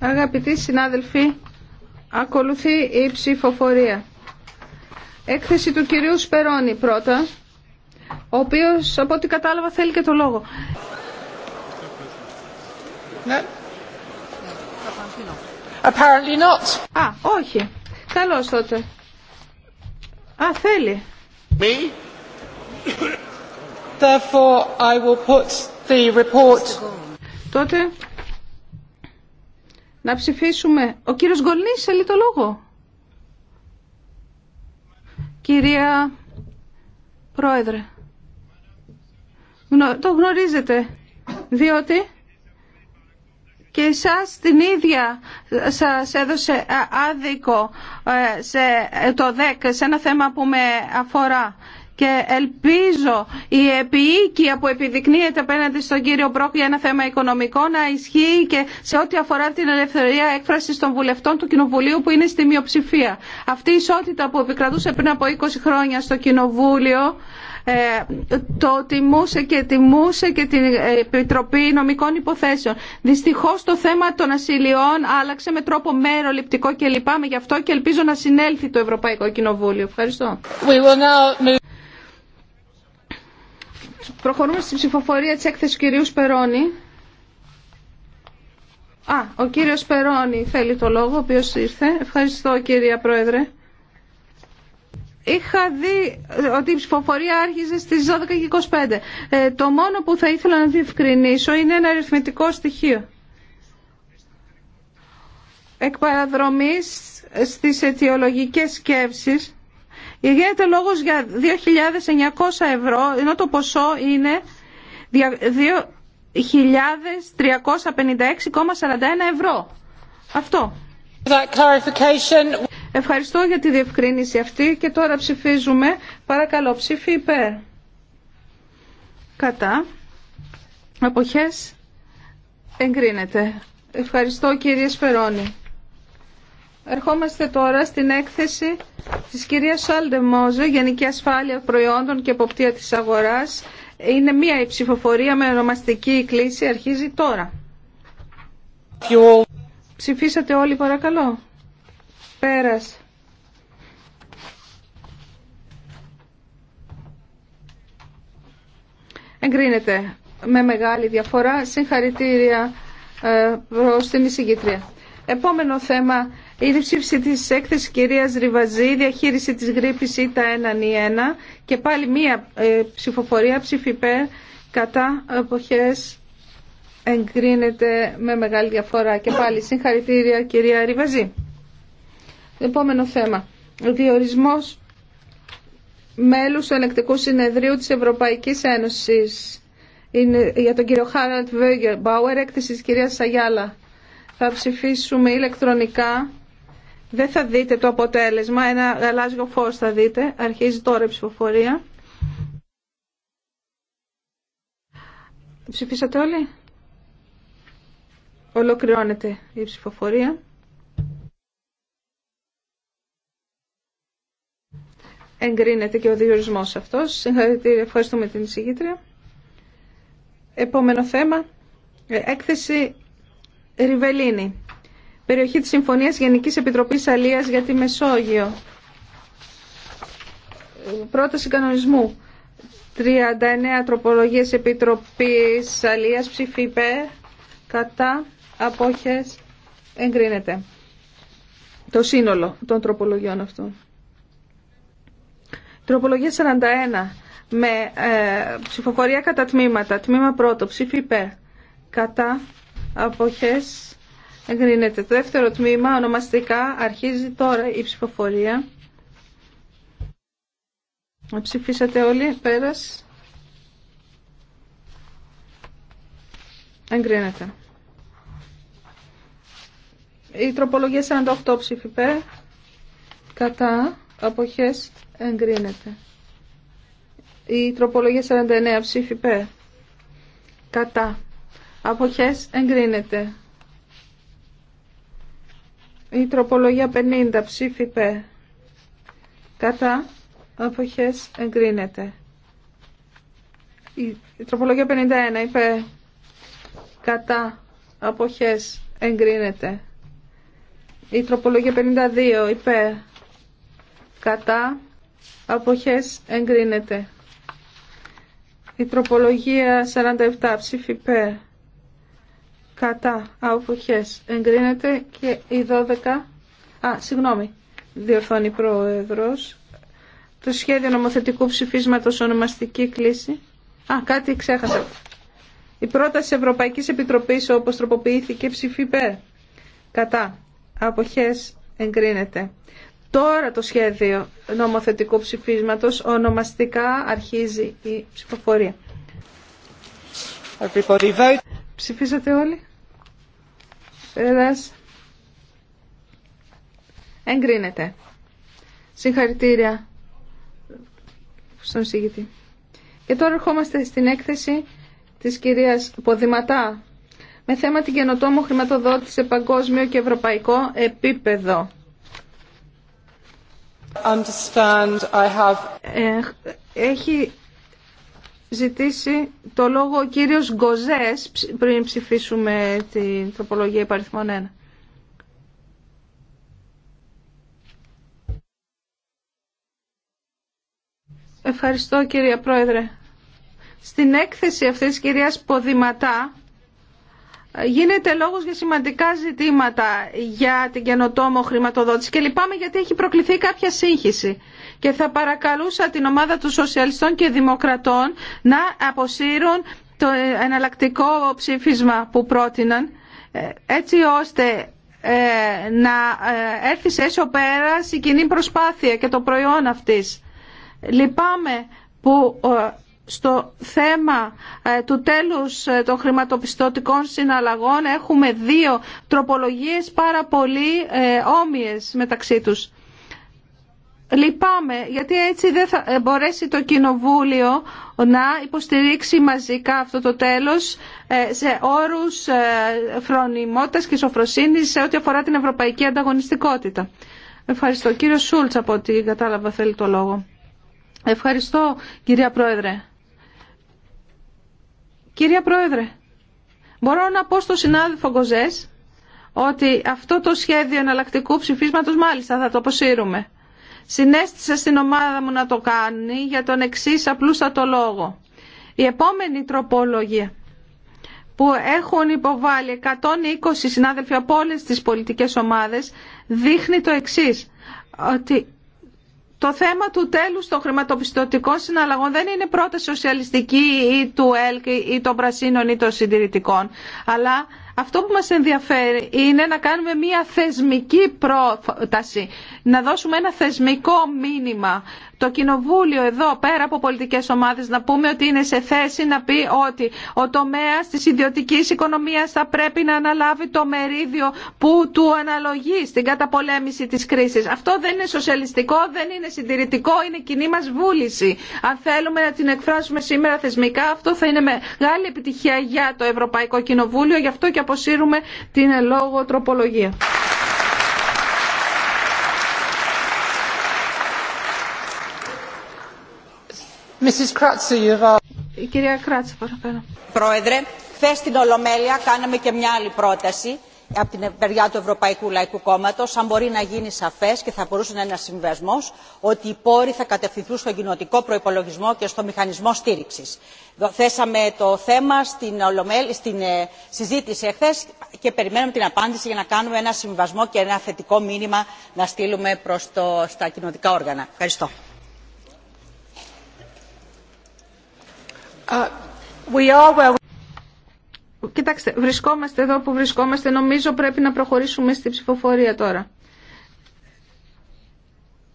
Αγαπητοί συνάδελφοι, ακολουθεί η ψηφοφορία. Έκθεση του κυρίου Σπερώνη πρώτα, ο οποίος από ό,τι κατάλαβα θέλει και το λόγο. Ναι. Apparently not. Α, όχι. Καλώς τότε. Α, θέλει. Me? Therefore, I will put the report... Τότε να ψηφίσουμε. Ο κύριος Γκολνής θέλει το λόγο. Κυρία Πρόεδρε, το γνωρίζετε, διότι και εσάς την ίδια σας έδωσε άδικο ε, σε το ΔΕΚ, σε ένα θέμα που με αφορά και ελπίζω η επίοικια που επιδεικνύεται απέναντι στον κύριο Μπρόκ για ένα θέμα οικονομικό να ισχύει και σε ό,τι αφορά την ελευθερία έκφραση των βουλευτών του Κοινοβουλίου που είναι στη μειοψηφία. Αυτή η ισότητα που επικρατούσε πριν από 20 χρόνια στο Κοινοβούλιο ε, το τιμούσε και τιμούσε και την Επιτροπή Νομικών Υποθέσεων. Δυστυχώ, το θέμα των ασυλιών άλλαξε με τρόπο μέρο λυπτικό και λυπάμαι γι' αυτό και ελπίζω να συνέλθει το Ευρωπαϊκό Κοινοβούλιο. Ευχαριστώ. We will now move... Προχωρούμε στην ψηφοφορία της έκθεσης κυρίου Σπερώνη. Α, ο κύριος Σπερώνη θέλει το λόγο, ο οποίος ήρθε. Ευχαριστώ κύριε Πρόεδρε. Είχα δει ε, ότι η ψηφοφορία άρχιζε στις 12.25. Ε, το μόνο που θα ήθελα να διευκρινίσω είναι ένα αριθμητικό στοιχείο. Εκ παραδρομής στις αιτιολογικές σκέψεις γίνεται λόγος για 2.900 ευρώ, ενώ το ποσό είναι 2.356,41 ευρώ. Αυτό. Ευχαριστώ για τη διευκρίνηση αυτή και τώρα ψηφίζουμε. Παρακαλώ, ψήφι υπέρ. Κατά. Αποχές. Εγκρίνεται. Ευχαριστώ κύριε Σπερώνη. Ερχόμαστε τώρα στην έκθεση της κυρίας Σάλντε Μόζε, Γενική Ασφάλεια Προϊόντων και Εποπτεία της Αγοράς. Είναι μία ψηφοφορία με ονομαστική κλίση, αρχίζει τώρα. Ψηφίσατε όλοι παρακαλώ. Πέρας. Εγκρίνεται με μεγάλη διαφορά. Συγχαρητήρια ε, προς την εισηγήτρια. Επόμενο θέμα η ψήφιση τη έκθεση κυρία Ριβαζή, διαχείριση της γρήπης ΙΤΑ 1 1 και πάλι μία ε, ψηφοφορία ψήφι κατά εποχέ εγκρίνεται με μεγάλη διαφορά και πάλι συγχαρητήρια κυρία Ριβαζή. Επόμενο θέμα. Ο διορισμός μέλους του Ελεκτικού Συνεδρίου της Ευρωπαϊκή Ένωσης είναι για τον κύριο Χάραντ Βέγγερ Μπάουερ, έκθεση τη κυρία Σαγιάλα. Θα ψηφίσουμε ηλεκτρονικά. Δεν θα δείτε το αποτέλεσμα, ένα γαλάζιο φως θα δείτε. Αρχίζει τώρα η ψηφοφορία. Ψηφίσατε όλοι. Ολοκληρώνεται η ψηφοφορία. Εγκρίνεται και ο διορισμός αυτός. Συγχαρητήρια. Ευχαριστούμε την εισηγήτρια. Επόμενο θέμα. Ε, έκθεση Ριβελίνη περιοχή της Συμφωνίας Γενικής Επιτροπής Αλίας για τη Μεσόγειο. Πρόταση κανονισμού. 39 τροπολογίες Επιτροπής Αλίας ψηφιπέ κατά απόχες εγκρίνεται. Το σύνολο των τροπολογιών αυτών. Τροπολογία 41 με ε, ψηφοφορία κατά τμήματα. Τμήμα πρώτο, ψήφι Κατά αποχές Εγκρίνεται. Το δεύτερο τμήμα ονομαστικά αρχίζει τώρα η ψηφοφορία. Ψηφίσατε όλοι. Πέρας. Εγκρίνεται. Η τροπολογία 48 ψήφι Κατά. Αποχές. Εγκρίνεται. Η τροπολογία 49 ψήφι Κατά. Αποχές. Εγκρίνεται. Η τροπολογία 50 ψήφι π. Κατά αποχές εγκρίνεται. Η τροπολογία 51 είπε κατά αποχές εγκρίνεται. Η τροπολογία 52 είπε κατά αποχές εγκρίνεται. Η τροπολογία 47 ψήφι π κατά αποχές εγκρίνεται και η 12 α, συγγνώμη, διορθώνει Πρόεδρος το σχέδιο νομοθετικού ψηφίσματος ονομαστική κλίση α, κάτι ξέχασα η πρόταση Ευρωπαϊκής Επιτροπής όπως τροποποιήθηκε ψηφίπε. κατά αποχές εγκρίνεται Τώρα το σχέδιο νομοθετικού ψηφίσματος ονομαστικά αρχίζει η ψηφοφορία. Everybody Ψηφίσατε όλοι. Πέρας. Εγκρίνεται. Συγχαρητήρια στον σύγητη. Και τώρα ερχόμαστε στην έκθεση της κυρίας Ποδηματά με θέμα την καινοτόμο χρηματοδότηση σε παγκόσμιο και ευρωπαϊκό επίπεδο. Ε, έχει ζητήσει το λόγο ο κύριος Γκοζές πριν ψηφίσουμε την τροπολογία υπαριθμών 1. Ευχαριστώ κύριε Πρόεδρε. Στην έκθεση αυτής της κυρίας Ποδηματά ε, γίνεται λόγος για σημαντικά ζητήματα για την καινοτόμο χρηματοδότηση και λυπάμαι γιατί έχει προκληθεί κάποια σύγχυση και θα παρακαλούσα την ομάδα των Σοσιαλιστών και Δημοκρατών να αποσύρουν το εναλλακτικό ψήφισμα που πρότειναν ε, έτσι ώστε ε, να ε, έρθει σε έσω πέρα η κοινή προσπάθεια και το προϊόν αυτής. Λυπάμαι που στο θέμα του τέλους των χρηματοπιστωτικών συναλλαγών έχουμε δύο τροπολογίες πάρα πολύ όμοιες μεταξύ τους. Λυπάμαι, γιατί έτσι δεν θα ε, μπορέσει το Κοινοβούλιο να υποστηρίξει μαζικά αυτό το τέλος ε, σε όρους ε, φρονιμότητας και σοφροσύνης σε ό,τι αφορά την ευρωπαϊκή ανταγωνιστικότητα. Ευχαριστώ. Κύριο Σούλτς, από ό,τι κατάλαβα, θέλει το λόγο. Ευχαριστώ, κυρία Πρόεδρε. Κυρία Πρόεδρε, μπορώ να πω στον συνάδελφο Γκοζές ότι αυτό το σχέδιο εναλλακτικού ψηφίσματος μάλιστα θα το αποσύρουμε. Συνέστησα στην ομάδα μου να το κάνει για τον εξή απλούστατο λόγο. Η επόμενη τροπολογία που έχουν υποβάλει 120 συνάδελφοι από όλες τις πολιτικές ομάδες δείχνει το εξής, ότι το θέμα του τέλους των χρηματοπιστωτικών συναλλαγών δεν είναι πρώτα σοσιαλιστική ή του ΕΛΚ ή των Πρασίνων ή των Συντηρητικών, αλλά αυτό που μας ενδιαφέρει είναι να κάνουμε μια θεσμική πρόταση, να δώσουμε ένα θεσμικό μήνυμα το Κοινοβούλιο εδώ πέρα από πολιτικές ομάδες να πούμε ότι είναι σε θέση να πει ότι ο τομέας της ιδιωτικής οικονομίας θα πρέπει να αναλάβει το μερίδιο που του αναλογεί στην καταπολέμηση της κρίσης. Αυτό δεν είναι σοσιαλιστικό, δεν είναι συντηρητικό, είναι κοινή μας βούληση. Αν θέλουμε να την εκφράσουμε σήμερα θεσμικά, αυτό θα είναι μεγάλη επιτυχία για το Ευρωπαϊκό Κοινοβούλιο, γι' αυτό και αποσύρουμε την λόγο τροπολογία. Πρόεδρε, χθε στην Ολομέλεια κάναμε και μια άλλη πρόταση από την μεριά του Ευρωπαϊκού Λαϊκού Κόμματο, αν μπορεί να γίνει σαφέ και θα μπορούσε να είναι ένα συμβιβασμό, ότι οι πόροι θα κατευθυνθούν στον κοινοτικό προπολογισμό και στο μηχανισμό στήριξη. Θέσαμε το θέμα στην, ε, συζήτηση εχθέ και περιμένουμε την απάντηση για να κάνουμε ένα συμβιβασμό και ένα θετικό μήνυμα να στείλουμε προς το, στα κοινοτικά όργανα. Ευχαριστώ. Uh, Κοιτάξτε, βρισκόμαστε εδώ που βρισκόμαστε. Νομίζω πρέπει να προχωρήσουμε στη ψηφοφορία τώρα.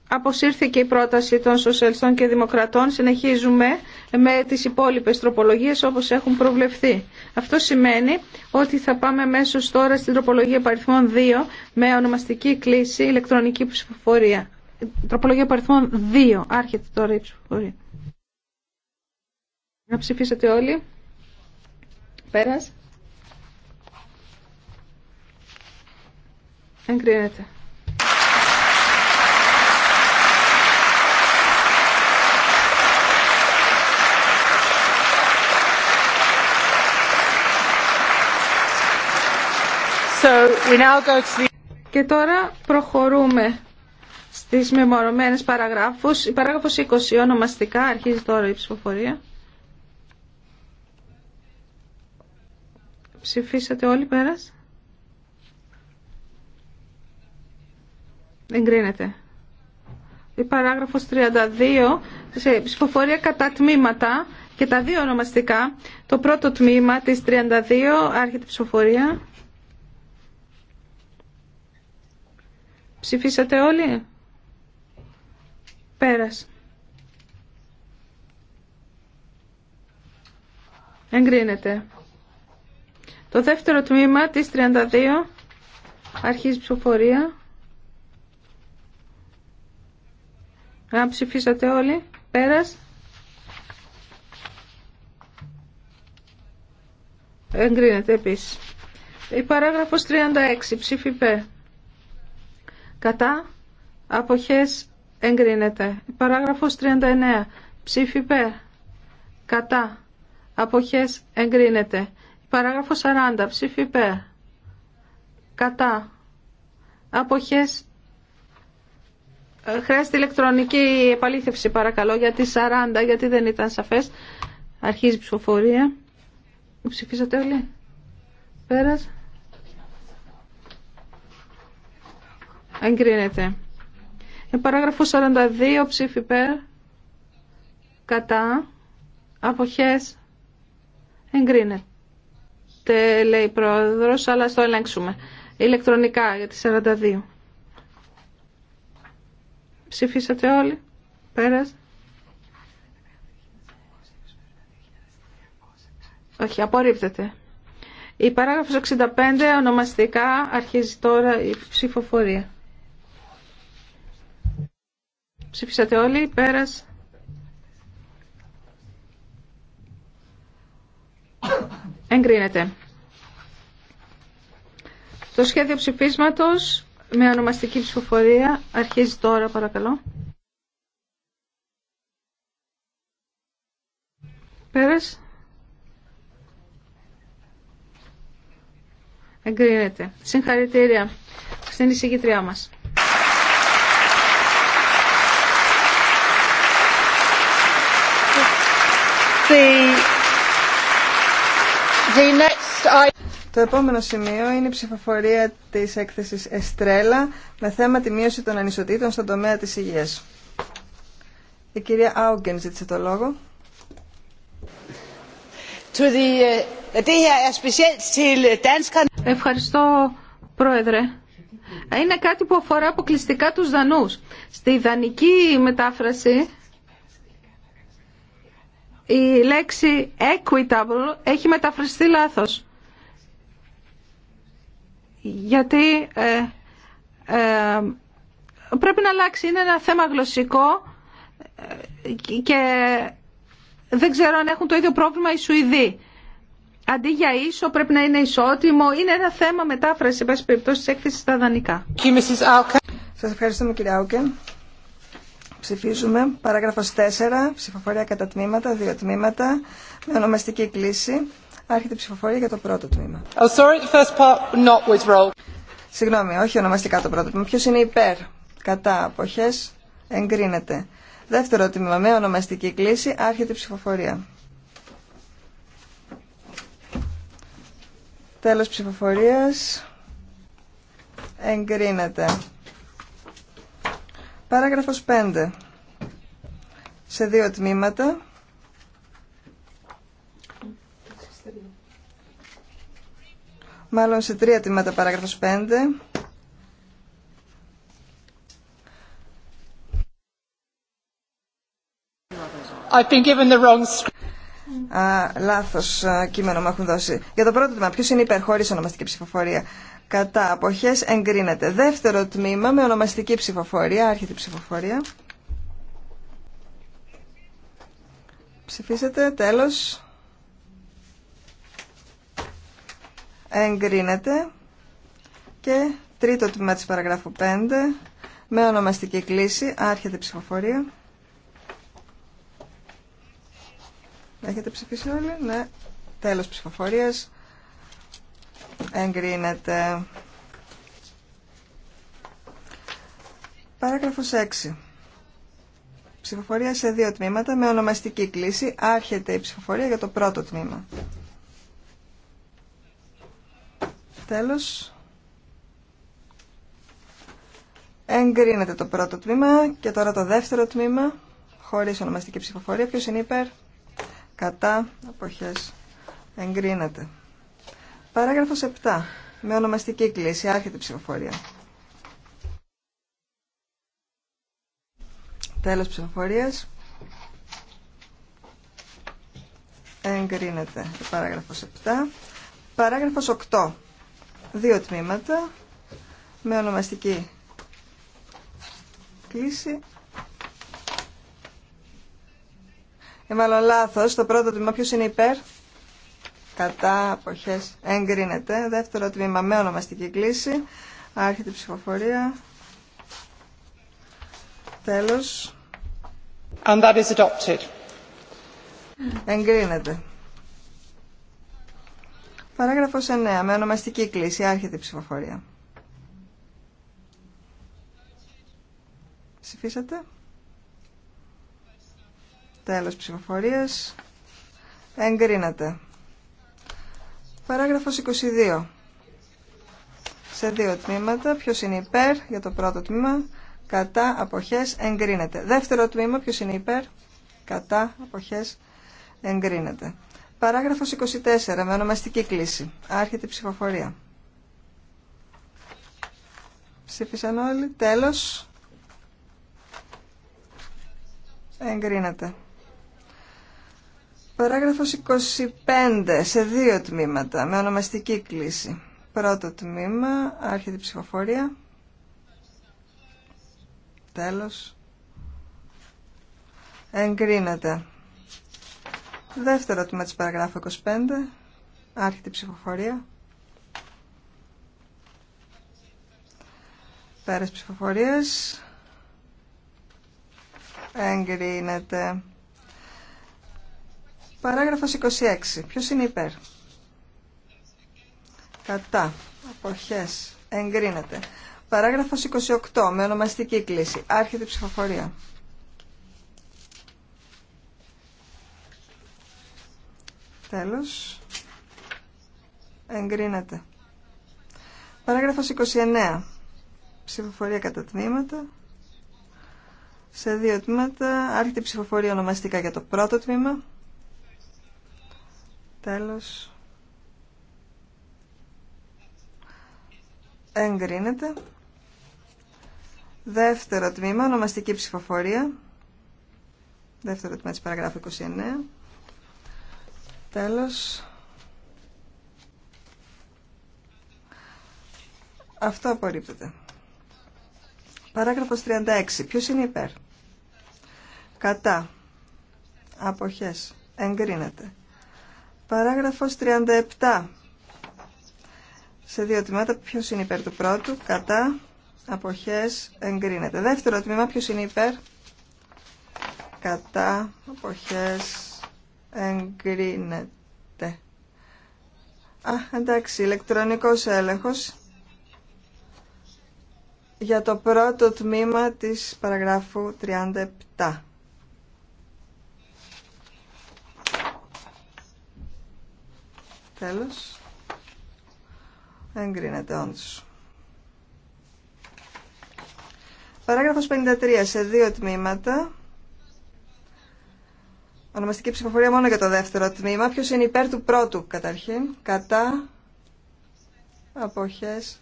Αποσύρθηκε η πρόταση των Σοσιαλιστών και Δημοκρατών. Συνεχίζουμε με τις υπόλοιπες τροπολογίες όπως έχουν προβλεφθεί. Αυτό σημαίνει ότι θα πάμε μέσω τώρα στην τροπολογία παριθμών 2 με ονομαστική κλίση ηλεκτρονική ψηφοφορία. Τροπολογία παριθμών 2. Άρχεται τώρα η ψηφοφορία. Να ψηφίσετε όλοι. Πέρας. Εγκρίνεται. Και τώρα προχωρούμε στις μεμορωμένες παραγράφους. Η παράγραφος 20 ονομαστικά αρχίζει τώρα η ψηφοφορία. Ψηφίσατε όλοι πέρας. Εγκρίνεται. Η παράγραφος 32 σε ψηφοφορία κατά τμήματα και τα δύο ονομαστικά. Το πρώτο τμήμα της 32 άρχεται ψηφοφορία. Ψηφίσατε όλοι. Πέρας. Εγκρίνεται. Το δεύτερο τμήμα της 32 αρχίζει ψηφοφορία. Αν ψηφίσατε όλοι, πέρας. Εγκρίνεται επίσης. Η παράγραφος 36, ψήφιπε Κατά, αποχές εγκρίνεται. Η παράγραφος 39, ψήφι Κατά, αποχές εγκρίνεται. Παράγραφο 40. Ψήφι υπέρ. Κατά. Αποχές. Ε, χρειάζεται ηλεκτρονική επαλήθευση παρακαλώ γιατί 40 γιατί δεν ήταν σαφές. Αρχίζει η ψηφοφορία. Ψηφίσατε όλοι. Πέρας. Εγκρίνεται. Ε, παράγραφο 42 ψήφι Κατά. Αποχές. Εγκρίνεται λέει η πρόεδρο, αλλά στο ελέγξουμε. Ηλεκτρονικά για τη 42. Ψηφίσατε όλοι. Πέρας. Όχι, απορρίπτεται. Η παράγραφος 65 ονομαστικά αρχίζει τώρα η ψηφοφορία. Ψηφίσατε όλοι, πέρας. Εγκρίνεται. Το σχέδιο ψηφίσματος με ονομαστική ψηφοφορία αρχίζει τώρα παρακαλώ. Πέρας. Εγκρίνεται. Συγχαρητήρια στην εισηγητριά μας. Το επόμενο σημείο είναι η ψηφοφορία της έκθεσης Εστρέλα με θέμα τη μείωση των ανισοτήτων στον τομέα της υγείας. Η κυρία Άουγκεν ζήτησε το λόγο. Ε, er Ευχαριστώ, Πρόεδρε. Είναι κάτι που αφορά αποκλειστικά τους Δανούς. Στη δανική μετάφραση η λέξη equitable έχει μεταφραστεί λάθος γιατί ε, ε, πρέπει να αλλάξει. Είναι ένα θέμα γλωσσικό ε, και δεν ξέρω αν έχουν το ίδιο πρόβλημα οι Σουηδοί. Αντί για ίσο πρέπει να είναι ισότιμο. Είναι ένα θέμα μετάφραση, σε πάση περιπτώσει, τη έκθεση στα δανεικά. Σα ευχαριστούμε, κύριε Άουκεν. Ψηφίζουμε. Παράγραφος 4. Ψηφοφορία κατά τμήματα. Δύο τμήματα. Με ονομαστική κλίση. Άρχεται η ψηφοφορία για το πρώτο τμήμα. Oh, sorry, the first part not with Συγγνώμη, όχι ονομαστικά το πρώτο τμήμα. Ποιο είναι υπέρ, κατά, αποχέ, εγκρίνεται. Δεύτερο τμήμα με ονομαστική κλίση. Άρχεται η ψηφοφορία. Τέλος ψηφοφορίας. Εγκρίνεται. Παράγραφος 5. Σε δύο τμήματα. μάλλον σε τρία τμήματα παράγραφος 5. I've been given the wrong λάθος κείμενο μου έχουν δώσει. Για το πρώτο τμήμα, ποιος είναι υπερχωρής ονομαστική ψηφοφορία. Κατά αποχές εγκρίνεται. Δεύτερο τμήμα με ονομαστική ψηφοφορία, άρχεται ψηφοφορία. Ψηφίσετε, τέλος. εγκρίνεται και τρίτο τμήμα της παραγράφου 5 με ονομαστική κλίση άρχεται η ψηφοφορία έχετε ψηφίσει όλοι ναι τέλος ψηφοφορίας εγκρίνεται παράγραφος 6 Ψηφοφορία σε δύο τμήματα με ονομαστική κλίση. Άρχεται η ψηφοφορία για το πρώτο τμήμα. Τέλος. Εγκρίνεται το πρώτο τμήμα και τώρα το δεύτερο τμήμα χωρίς ονομαστική ψηφοφορία. Ποιος είναι υπέρ, κατά, αποχές. Εγκρίνεται. Παράγραφος 7. Με ονομαστική κλίση. Άρχεται η ψηφοφορία. Τέλος ψηφοφορίας. Εγκρίνεται το παράγραφος 7. Παράγραφος 8 δύο τμήματα με ονομαστική κλίση. Είμαι μάλλον λάθο. Το πρώτο τμήμα ποιο είναι υπέρ. Κατά αποχές εγκρίνεται. Δεύτερο τμήμα με ονομαστική κλίση. Άρχεται η ψηφοφορία. Τέλος. And Εγκρίνεται. Παράγραφος 9. Με ονομαστική κλίση. Άρχεται η ψηφοφορία. Ψηφίσατε. Τέλος ψηφοφορίας. Εγκρίνατε. Παράγραφος 22. Σε δύο τμήματα. Ποιος είναι υπέρ για το πρώτο τμήμα. Κατά αποχές εγκρίνεται. Δεύτερο τμήμα. Ποιος είναι υπέρ. Κατά αποχές εγκρίνεται. Παράγραφος 24 με ονομαστική κλίση. Άρχεται η ψηφοφορία. Ψήφισαν όλοι. Τέλος. Εγκρίνεται. Παράγραφος 25 σε δύο τμήματα με ονομαστική κλίση. Πρώτο τμήμα, άρχεται η ψηφοφορία. Τέλος. Εγκρίνεται. Δεύτερο τμήμα της παραγράφου 25. άρχιτη ψηφοφορία. Πέρας ψηφοφορίας. Εγκρίνεται. Παράγραφος 26. Ποιος είναι υπέρ. Κατά. Αποχές. Εγκρίνεται. Παράγραφος 28. Με ονομαστική κλίση. Άρχεται ψηφοφορία. Τέλος. Εγκρίνεται. Παράγραφος 29. Ψηφοφορία κατά τμήματα. Σε δύο τμήματα. Άρχεται ψηφοφορία ονομαστικά για το πρώτο τμήμα. Τέλος. Εγκρίνεται. Δεύτερο τμήμα, ονομαστική ψηφοφορία. Δεύτερο τμήμα της παραγράφου 29. Τέλος. Αυτό απορρίπτεται. Παράγραφος 36. Ποιος είναι υπέρ. Κατά. Αποχές. Εγκρίνεται. Παράγραφος 37. Σε δύο τμήματα ποιος είναι υπέρ του πρώτου. Κατά. Αποχές. Εγκρίνεται. Δεύτερο τμήμα ποιος είναι υπέρ. Κατά. Αποχές εγκρίνεται. Α, εντάξει, ηλεκτρονικός έλεγχος για το πρώτο τμήμα της παραγράφου 37. Τέλος. Εγκρίνεται όντως. Παράγραφος 53 σε δύο τμήματα. Ονομαστική ψηφοφορία μόνο για το δεύτερο τμήμα. Ποιος είναι υπέρ του πρώτου καταρχήν. Κατά αποχές.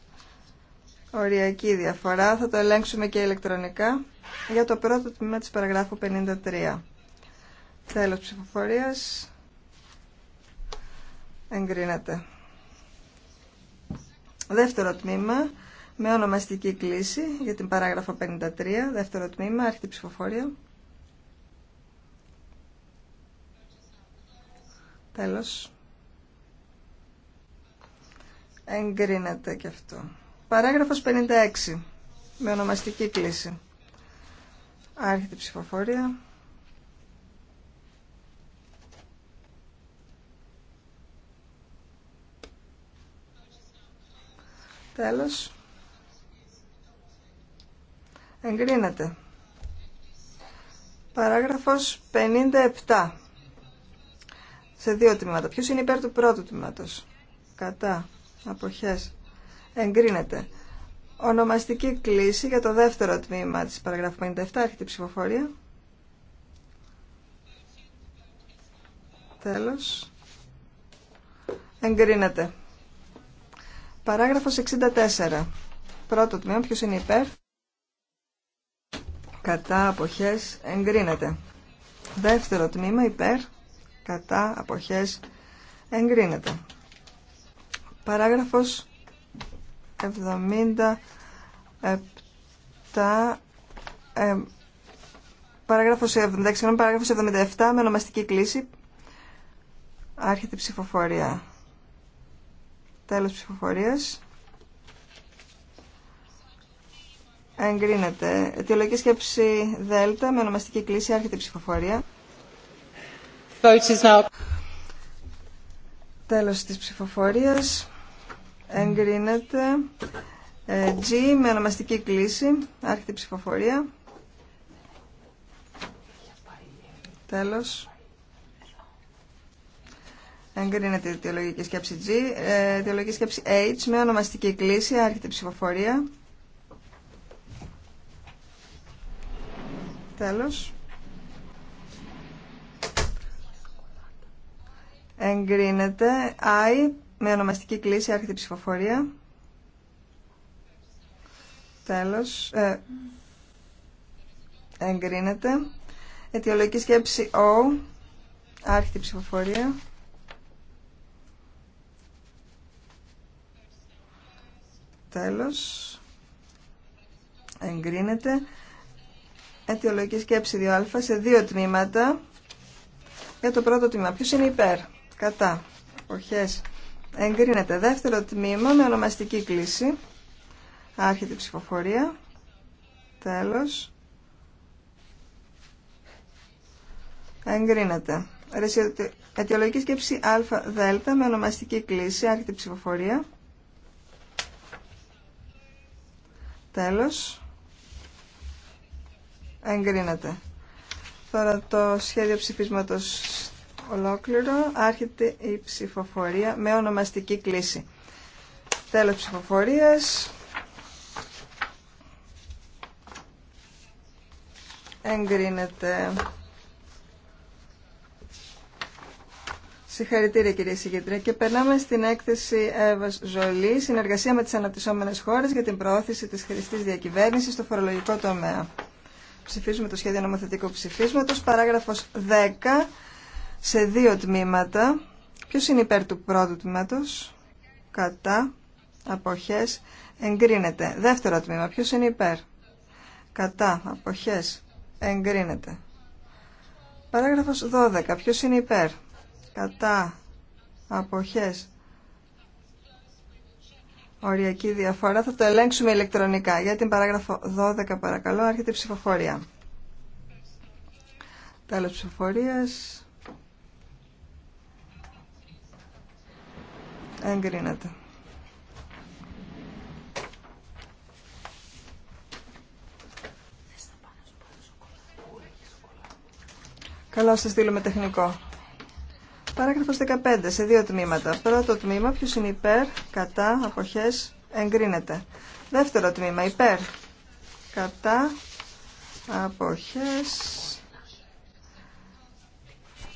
Οριακή διαφορά. Θα το ελέγξουμε και ηλεκτρονικά για το πρώτο τμήμα της παραγράφου 53. Τέλος ψηφοφορίας. Εγκρίνεται. Δεύτερο τμήμα με ονομαστική κλίση για την παράγραφο 53. Δεύτερο τμήμα, αρχή ψηφοφορία. Τέλος. Εγκρίνεται και αυτό. Παράγραφος 56. Με ονομαστική κλίση. Άρχεται η ψηφοφορία. Τέλος. Εγκρίνεται. Παράγραφος 57 σε δύο τμήματα. Ποιο είναι υπέρ του πρώτου τμήματος. Κατά. Αποχές. Εγκρίνεται. Ονομαστική κλίση για το δεύτερο τμήμα της παραγράφου 57. Έρχεται η ψηφοφορία. Τέλος. Εγκρίνεται. Παράγραφος 64. Πρώτο τμήμα. Ποιο είναι υπέρ. Κατά. Αποχές. Εγκρίνεται. Δεύτερο τμήμα. Υπέρ κατά, αποχές, εγκρίνεται. Παράγραφος 77, ε, παράγραφος 76, παράγραφος 77 με ονομαστική κλίση. Άρχεται η ψηφοφορία. Τέλος ψηφοφορίας. Εγκρίνεται. Αιτιολογική σκέψη Δέλτα με ονομαστική κλίση. Άρχεται η ψηφοφορία. Τέλος της ψηφοφορίας. Εγκρίνεται. Ε, G με ονομαστική κλίση. Άρχεται η ψηφοφορία. Τέλος. Εγκρίνεται η αιτιολογική σκέψη G. Ε, αιτιολογική σκέψη H με ονομαστική κλίση. Άρχεται η ψηφοφορία. Τέλος. Εγκρίνεται. Άι, με ονομαστική κλίση, άρχεται ψηφοφορία. Τέλος. Ε, εγκρίνεται. Αιτιολογική σκέψη O, άρχεται ψηφοφορία. Τέλος. Εγκρίνεται. Αιτιολογική σκέψη 2α σε δύο τμήματα. Για το πρώτο τμήμα. Ποιος είναι υπέρ κατά, οχές. εγκρίνεται. Δεύτερο τμήμα με ονομαστική κλίση, άρχεται η ψηφοφορία, τέλος, εγκρίνεται. Αιτιολογική σκέψη α δέλτα με ονομαστική κλίση, άρχεται η ψηφοφορία, τέλος, εγκρίνεται. Τώρα το σχέδιο ψηφίσματος ολόκληρο άρχεται η ψηφοφορία με ονομαστική κλίση. Τέλος ψηφοφορίας. Εγκρίνεται. Συγχαρητήρια κυρία Συγγεντρία. και περνάμε στην έκθεση Εύας Ζολή, συνεργασία με τις αναπτυσσόμενες χώρες για την προώθηση της χρηστής διακυβέρνησης στο φορολογικό τομέα. Ψηφίζουμε το σχέδιο νομοθετικού ψηφίσματος, παράγραφος 10, σε δύο τμήματα. Ποιος είναι υπέρ του πρώτου τμήματος, κατά, αποχές, εγκρίνεται. Δεύτερο τμήμα, ποιος είναι υπέρ, κατά, αποχές, εγκρίνεται. Παράγραφος 12, ποιος είναι υπέρ, κατά, αποχές, οριακή διαφορά. Θα το ελέγξουμε ηλεκτρονικά. Για την παράγραφο 12 παρακαλώ, άρχεται η ψηφοφορία. Τέλος ψηφοφορίας. Εγκρίνεται. Καλώ σας στείλουμε τεχνικό. Παράγραφο 15, σε δύο τμήματα. Πρώτο τμήμα, ποιος είναι υπέρ, κατά, αποχέ. εγκρίνεται. Δεύτερο τμήμα, υπέρ, κατά, αποχές,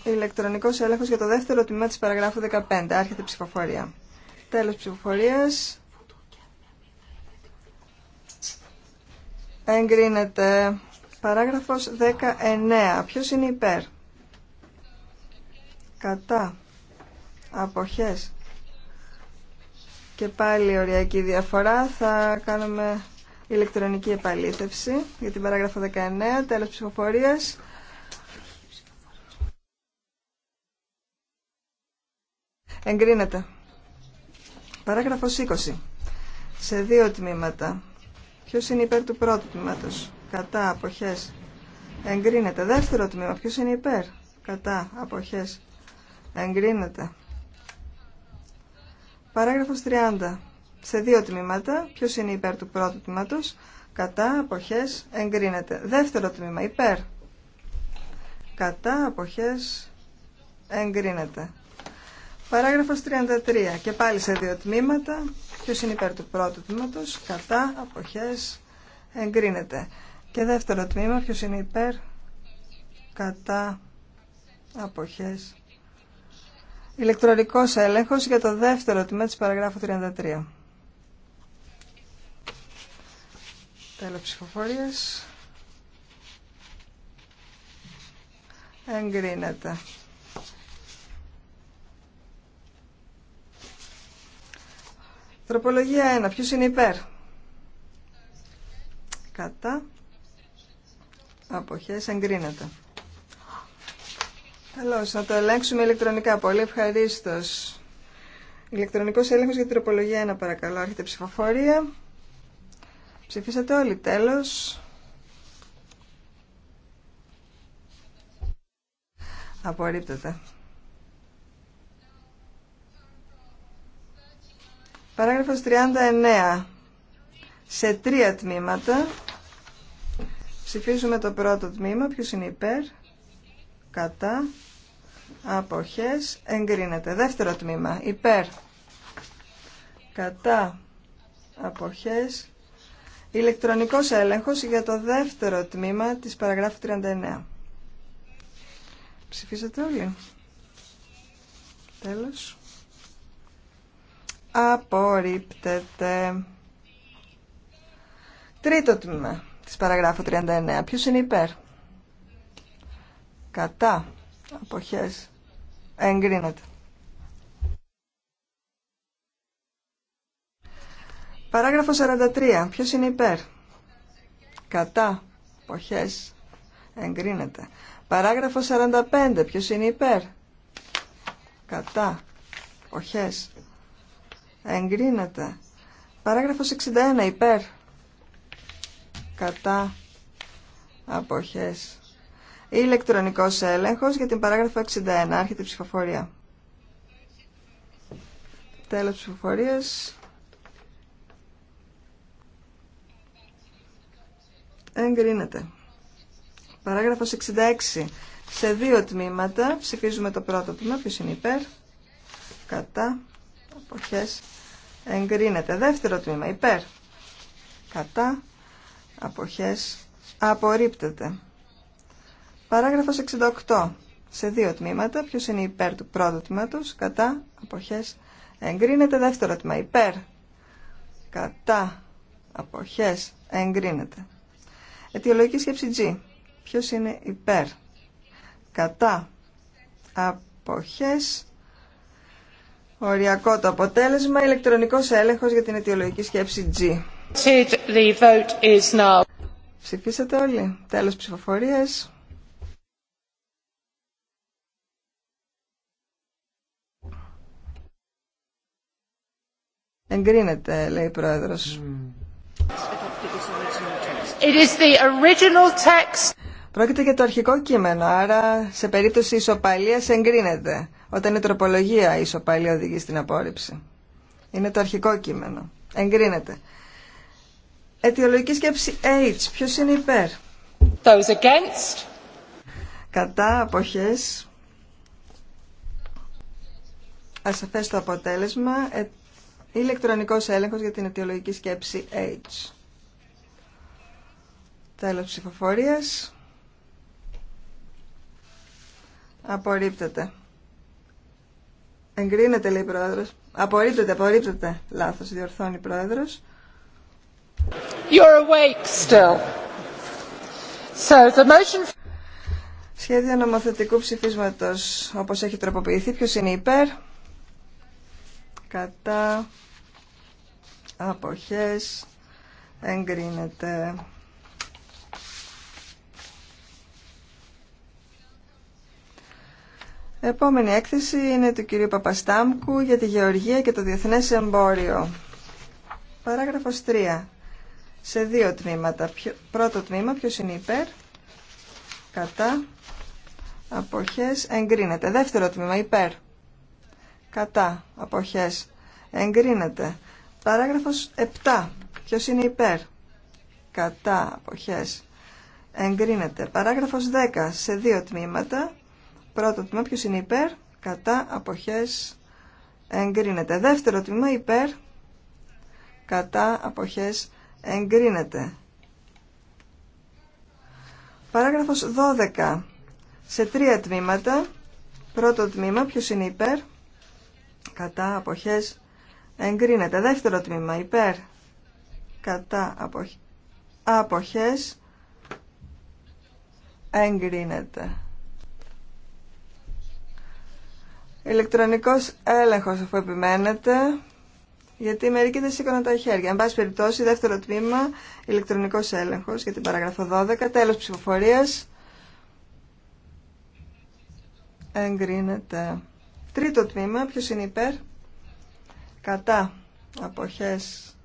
Ηλεκτρονικός έλεγχος για το δεύτερο τμήμα τη παραγράφου 15. Άρχεται η ψηφοφορία. Τέλος ψηφοφορία. Εγκρίνεται. Παράγραφος 19. Ποιο είναι υπέρ. Κατά. Αποχές. Και πάλι οριακή διαφορά. Θα κάνουμε ηλεκτρονική επαλήθευση για την παράγραφο 19. Τέλος ψηφοφορία. Εγκρίνεται. Παράγραφος 20. Σε δύο τμήματα. Ποιο είναι υπέρ του πρώτου τμήματος. Κατά, αποχές. Εγκρίνεται. Δεύτερο τμήμα. ποιο είναι υπέρ. Κατά, αποχές. Εγκρίνεται. Παράγραφος 30. Σε δύο τμήματα. Ποιο είναι υπέρ του πρώτου τμήματος. Κατά, αποχές. Εγκρίνεται. Δεύτερο τμήμα. Υπέρ. Κατά, αποχές. Εγκρίνεται. Παράγραφος 33 και πάλι σε δύο τμήματα. Ποιος είναι υπέρ του πρώτου τμήματος, κατά, αποχές, εγκρίνεται. Και δεύτερο τμήμα, ποιος είναι υπέρ, κατά, αποχές. Ηλεκτρονικός έλεγχος για το δεύτερο τμήμα της παραγράφου 33. Τέλος ψηφοφορίας. Εγκρίνεται. Τροπολογία 1. Ποιος είναι υπέρ. Κατά. Αποχές εγκρίνεται. Καλώ, να το ελέγξουμε ηλεκτρονικά. Πολύ ευχαρίστω. Ηλεκτρονικός έλεγχος για την τροπολογία 1 παρακαλώ. Άρχεται ψηφοφορία. Ψηφίσατε όλοι. Τέλος. Απορρίπτεται. Παράγραφος 39. Σε τρία τμήματα ψηφίζουμε το πρώτο τμήμα. Ποιος είναι υπέρ, κατά, αποχές, εγκρίνεται. Δεύτερο τμήμα, υπέρ, κατά, αποχές, ηλεκτρονικός έλεγχος για το δεύτερο τμήμα της παραγράφου 39. Ψηφίσατε όλοι. Τέλος. Απορρίπτεται. Τρίτο τμήμα της παραγράφου 39. Ποιος είναι υπέρ. Κατά. Αποχές. Εγκρίνεται. Παράγραφο 43. Ποιος είναι υπέρ. Κατά. Αποχές. Εγκρίνεται. Παράγραφο 45. Ποιος είναι υπέρ. Κατά. Αποχές. Εγκρίνεται. Παράγραφος 61. Υπέρ. Κατά. Αποχές. Ηλεκτρονικός έλεγχος για την παράγραφο 61. Άρχεται η ψηφοφορία. Τέλος ψηφοφορίας. Εγκρίνεται. Παράγραφος 66. Σε δύο τμήματα ψηφίζουμε το πρώτο τμήμα, ποιος είναι υπέρ, κατά, αποχές εγκρίνεται. Δεύτερο τμήμα υπέρ κατά αποχές απορρίπτεται. Παράγραφος 68. Σε δύο τμήματα, ποιος είναι υπέρ του πρώτου τμήματος, κατά αποχές εγκρίνεται. Δεύτερο τμήμα υπέρ κατά αποχές εγκρίνεται. Αιτιολογική σκέψη G. Ποιος είναι υπέρ κατά αποχές Οριακό το αποτέλεσμα. Ηλεκτρονικός έλεγχος για την αιτιολογική σκέψη G. Ψηφίσατε όλοι. Τέλος ψηφοφορίας. Εγκρίνεται, λέει η Πρόεδρος. It is the original text. Πρόκειται για το αρχικό κείμενο, άρα σε περίπτωση ισοπαλίας εγκρίνεται όταν η τροπολογία πάλι οδηγεί στην απόρριψη. Είναι το αρχικό κείμενο. Εγκρίνεται. Αιτιολογική σκέψη H. Ποιο είναι υπέρ. Those against. Κατά αποχές. Ασαφές το αποτέλεσμα. Ε, ηλεκτρονικός έλεγχος για την αιτιολογική σκέψη H. Τέλος ψηφοφορίας. Απορρίπτεται. Εγκρίνεται, λέει η Πρόεδρος. Απορρίπτεται, απορρίπτεται. Λάθος, διορθώνει η Πρόεδρος. So the motion... Σχέδιο νομοθετικού ψηφίσματος, όπως έχει τροποποιηθεί. Ποιος είναι υπέρ. Κατά. Αποχές. Εγκρίνεται. Επόμενη έκθεση είναι του κυρίου Παπαστάμκου για τη γεωργία και το διεθνές εμπόριο. Παράγραφος 3. Σε δύο τμήματα. Πρώτο τμήμα, ποιος είναι υπέρ, κατά, αποχές, εγκρίνεται. Δεύτερο τμήμα, υπέρ, κατά, αποχές, εγκρίνεται. Παράγραφος 7. Ποιος είναι υπέρ, κατά, αποχές, εγκρίνεται. Παράγραφος 10. Σε δύο τμήματα. Πρώτο τμήμα ποιο είναι υπέρ, κατά, αποχές, εγκρίνεται. Δεύτερο τμήμα υπέρ, κατά, αποχές, εγκρίνεται. Παράγραφος 12. Σε τρία τμήματα. Πρώτο τμήμα, ποιο είναι υπέρ, κατά, αποχές, εγκρίνεται. Δεύτερο τμήμα, υπέρ, κατά, απόχέ. αποχές, εγκρίνεται. Ηλεκτρονικός έλεγχος αφού επιμένετε, γιατί μερικοί δεν σήκωναν τα χέρια. Εν πάση περιπτώσει, δεύτερο τμήμα, ηλεκτρονικός έλεγχος για την παραγραφό 12, τέλος ψηφοφορίας. Εγκρίνεται. Τρίτο τμήμα, ποιο είναι υπέρ. Κατά. Αποχές.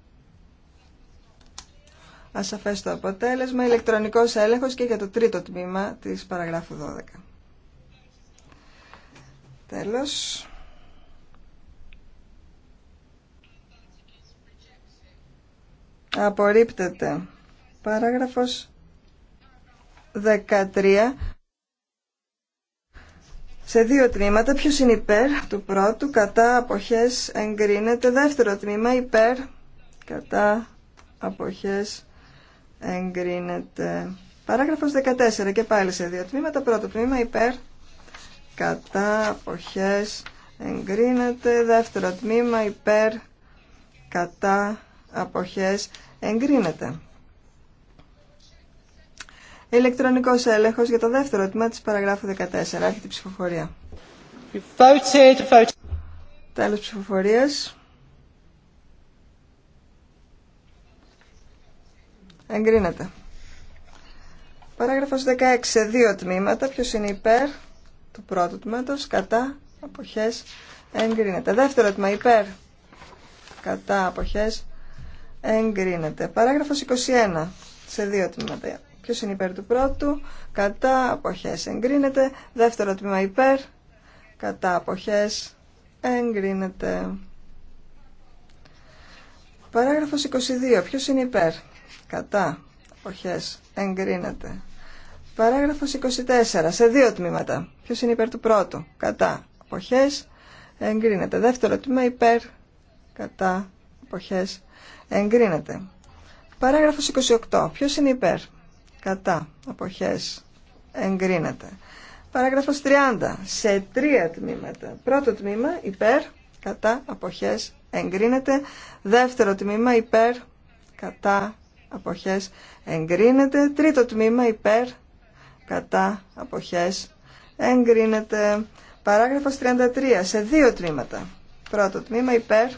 Ασαφές το αποτέλεσμα. Ηλεκτρονικός έλεγχος και για το τρίτο τμήμα της παραγράφου 12. Τέλος. Απορρίπτεται. Παράγραφος 13. Σε δύο τμήματα, ποιος είναι υπέρ του πρώτου, κατά αποχές εγκρίνεται. Δεύτερο τμήμα, υπέρ, κατά αποχές εγκρίνεται. Παράγραφος 14 και πάλι σε δύο τμήματα. Πρώτο τμήμα, υπέρ, κατά, αποχές, εγκρίνεται. Δεύτερο τμήμα, υπέρ, κατά, αποχές, εγκρίνεται. Ηλεκτρονικός έλεγχος για το δεύτερο τμήμα της παραγράφου 14. Άρχεται η ψηφοφορία. Voted, voted. Τέλος ψηφοφορίας. Εγκρίνεται. Παράγραφος 16. Δύο τμήματα. Ποιος είναι υπέρ του πρώτου τμήματος κατά αποχές εγκρίνεται. Δεύτερο τμήμα υπέρ κατά αποχές εγκρίνεται. Παράγραφος 21 σε δύο τμήματα. Ποιο είναι υπέρ του πρώτου, κατά αποχές εγκρίνεται. Δεύτερο τμήμα υπέρ, κατά αποχές εγκρίνεται. Παράγραφος 22. Ποιος είναι υπέρ, κατά αποχές εγκρίνεται. Παράγραφος 24, σε δύο τμήματα. Ποιος είναι υπέρ του πρώτου, κατά, αποχές, εγκρίνεται. Δεύτερο τμήμα υπέρ, κατά, αποχές, εγκρίνεται. Παράγραφος 28, ποιος είναι υπέρ, κατά, αποχές, εγκρίνεται. Παράγραφος 30, σε τρία τμήματα. Πρώτο τμήμα υπέρ, κατά, αποχές, εγκρίνεται. Δεύτερο τμήμα υπέρ, κατά, αποχές, εγκρίνεται. Τρίτο τμήμα υπέρ, κατά αποχές εγκρίνεται παράγραφος 33 σε δύο τμήματα πρώτο τμήμα υπέρ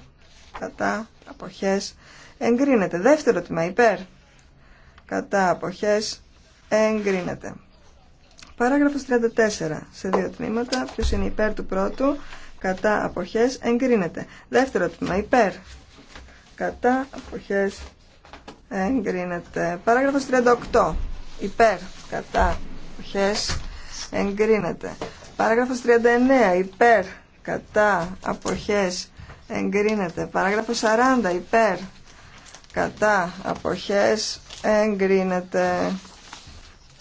κατά αποχές εγκρίνεται δεύτερο τμήμα υπέρ κατά αποχές εγκρίνεται παράγραφος 34 σε δύο τμήματα ποιος είναι υπέρ του πρώτου κατά αποχές εγκρίνεται δεύτερο τμήμα υπέρ κατά αποχές εγκρίνεται παράγραφος 38 υπέρ κατά αποχές εγκρίνεται. Παράγραφος 39 υπέρ κατά αποχές εγκρίνεται. Παράγραφος 40 υπέρ κατά αποχές εγκρίνεται.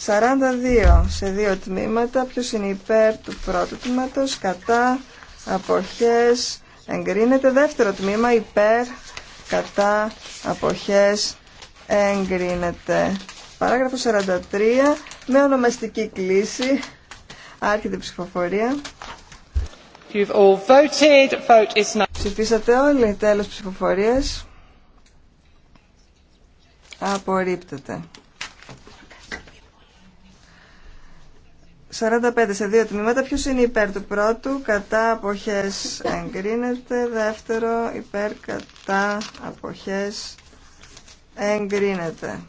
42 σε δύο τμήματα. Ποιος είναι υπέρ του πρώτου τμήματος κατά αποχές εγκρίνεται. Δεύτερο τμήμα υπέρ κατά αποχές εγκρίνεται. Παράγραφο 43 με ονομαστική κλίση. Άρχεται η ψηφοφορία. You've all voted. Vote is Ψηφίσατε όλοι. Τέλος ψηφοφορίας. Απορρίπτεται. 45 σε δύο τμήματα. Ποιος είναι υπέρ του πρώτου. Κατά αποχές εγκρίνεται. Δεύτερο υπέρ κατά αποχές εγκρίνεται.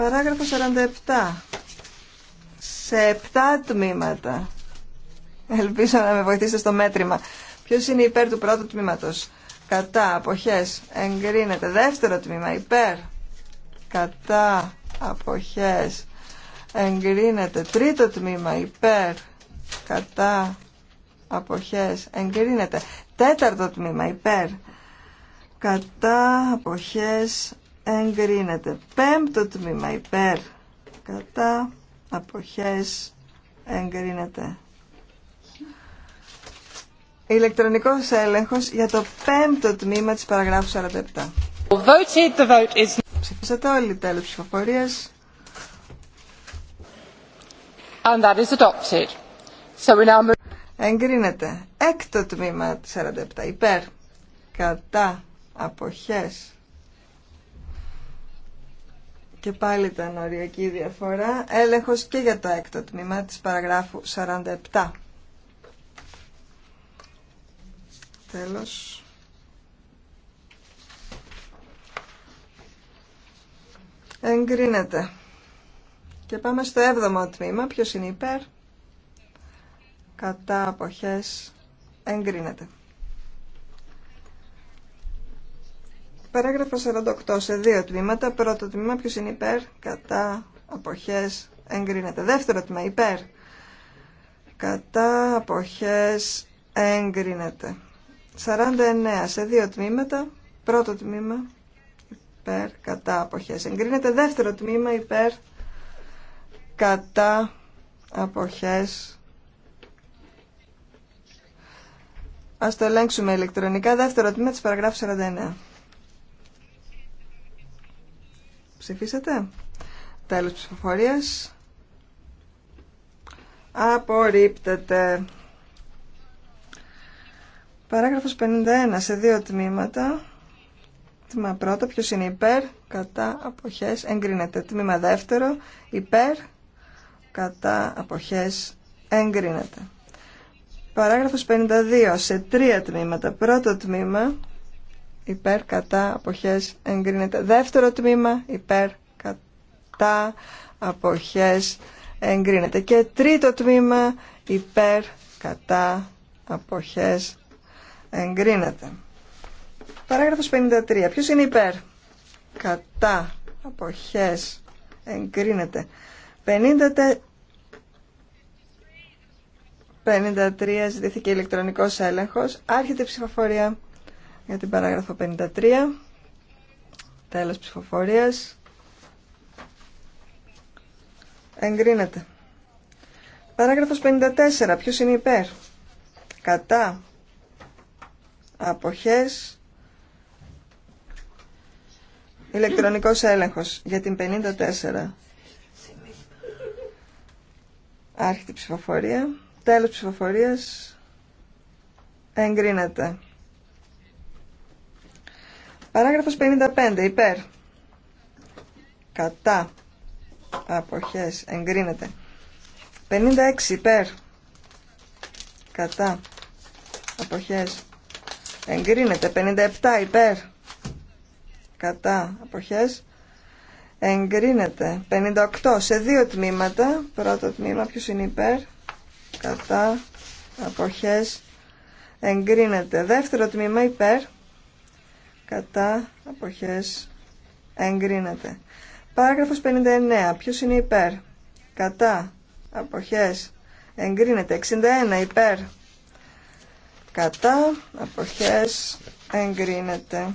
Παράγραφο 47. Σε 7 τμήματα. Ελπίζω να με βοηθήσετε στο μέτρημα. Ποιο είναι υπέρ του πρώτου τμήματο. Κατά, απόχέ. εγκρίνεται. Δεύτερο τμήμα, υπέρ. Κατά, απόχέ. εγκρίνεται. Τρίτο τμήμα, υπέρ. Κατά, απόχέ. εγκρίνεται. Τέταρτο τμήμα, υπέρ. Κατά, αποχές, εγκρίνεται. Πέμπτο τμήμα υπέρ κατά αποχές εγκρίνεται. Ηλεκτρονικός έλεγχος για το πέμπτο τμήμα της παραγράφου 47. Voted, the vote is... Ψηφίσατε όλοι τέλος ψηφοφορίας. And that is adopted. So we now... Εγκρίνεται. Έκτο τμήμα 47. Υπέρ. Κατά. Αποχές. Και πάλι ήταν οριακή διαφορά. Έλεγχος και για το έκτο τμήμα της παραγράφου 47. Τέλος. Εγκρίνεται. Και πάμε στο έβδομο τμήμα. Ποιος είναι υπέρ. Κατά αποχές. Εγκρίνεται. Παράγραφο 48 σε δύο τμήματα. Πρώτο τμήμα, ποιο είναι υπέρ, κατά, αποχές, εγκρίνεται. Δεύτερο τμήμα, υπέρ, κατά, απόχέ. εγκρίνεται. 49 σε δύο τμήματα. Πρώτο τμήμα, υπέρ, κατά, αποχές, εγκρίνεται. Δεύτερο τμήμα, υπέρ, κατά, αποχές, Ας το ελέγξουμε ηλεκτρονικά. Δεύτερο τμήμα της παραγράφου 49. Ψηφίσατε. Τέλος ψηφοφορίας. Απορρίπτεται. Παράγραφος 51 σε δύο τμήματα. Τμήμα πρώτο, ποιος είναι υπέρ, κατά, αποχές, εγκρίνεται. Τμήμα δεύτερο, υπέρ, κατά, αποχές, εγκρίνεται. Παράγραφος 52 σε τρία τμήματα. Πρώτο τμήμα, υπέρ, κατά, αποχές, εγκρίνεται. Δεύτερο τμήμα, υπέρ, κατά, αποχές, εγκρίνεται. Και τρίτο τμήμα, υπέρ, κατά, αποχές, εγκρίνεται. Παράγραφος 53. Ποιος είναι υπέρ, κατά, αποχές, εγκρίνεται. 53 53 ζητήθηκε ηλεκτρονικός έλεγχος. Άρχεται η ψηφοφορία για την παράγραφο 53. Τέλος ψηφοφορίας. Εγκρίνεται. Παράγραφος 54. Ποιος είναι υπέρ. Κατά. Αποχές. Ηλεκτρονικός έλεγχος για την 54. Άρχιτη ψηφοφορία. Τέλος ψηφοφορίας. Εγκρίνεται. Παράγραφος 55. Υπέρ. Κατά. Αποχές. Εγκρίνεται. 56. Υπέρ. Κατά. Αποχές. Εγκρίνεται. 57. Υπέρ. Κατά. Αποχές. Εγκρίνεται. 58. Σε δύο τμήματα. Πρώτο τμήμα. Ποιος είναι υπέρ. Κατά. Αποχές. Εγκρίνεται. Δεύτερο τμήμα. Υπέρ κατά, αποχές, εγκρίνεται. Παράγραφος 59. Ποιος είναι υπέρ, κατά, αποχές, εγκρίνεται. 61. Υπέρ, κατά, αποχές, εγκρίνεται.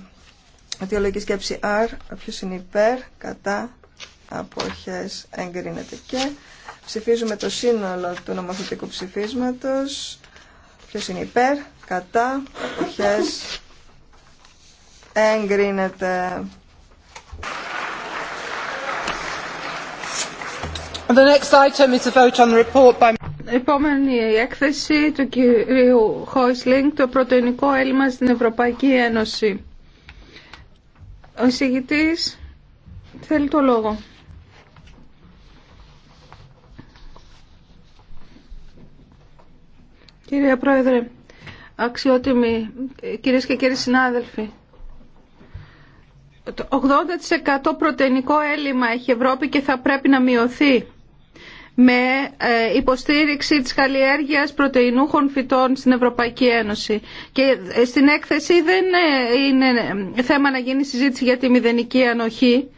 Αιτιολογική σκέψη R. Ποιος είναι υπέρ, κατά, αποχές, εγκρίνεται. Και ψηφίζουμε το σύνολο του νομοθετικού ψηφίσματος. Ποιος είναι υπέρ, κατά, αποχές, Εγκρίνεται. The next item Επόμενη η έκθεση του κυρίου Χόισλινγκ, το πρωτοεινικό έλλειμμα στην Ευρωπαϊκή Ένωση. Ο εισηγητής θέλει το λόγο. Κύριε Πρόεδρε, αξιότιμοι κυρίες και κύριοι συνάδελφοι, 80% πρωτεϊνικό έλλειμμα έχει η Ευρώπη και θα πρέπει να μειωθεί με ε, υποστήριξη της καλλιέργειας πρωτεϊνούχων φυτών στην Ευρωπαϊκή Ένωση. Και ε, στην έκθεση δεν ε, είναι θέμα να γίνει συζήτηση για τη μηδενική ανοχή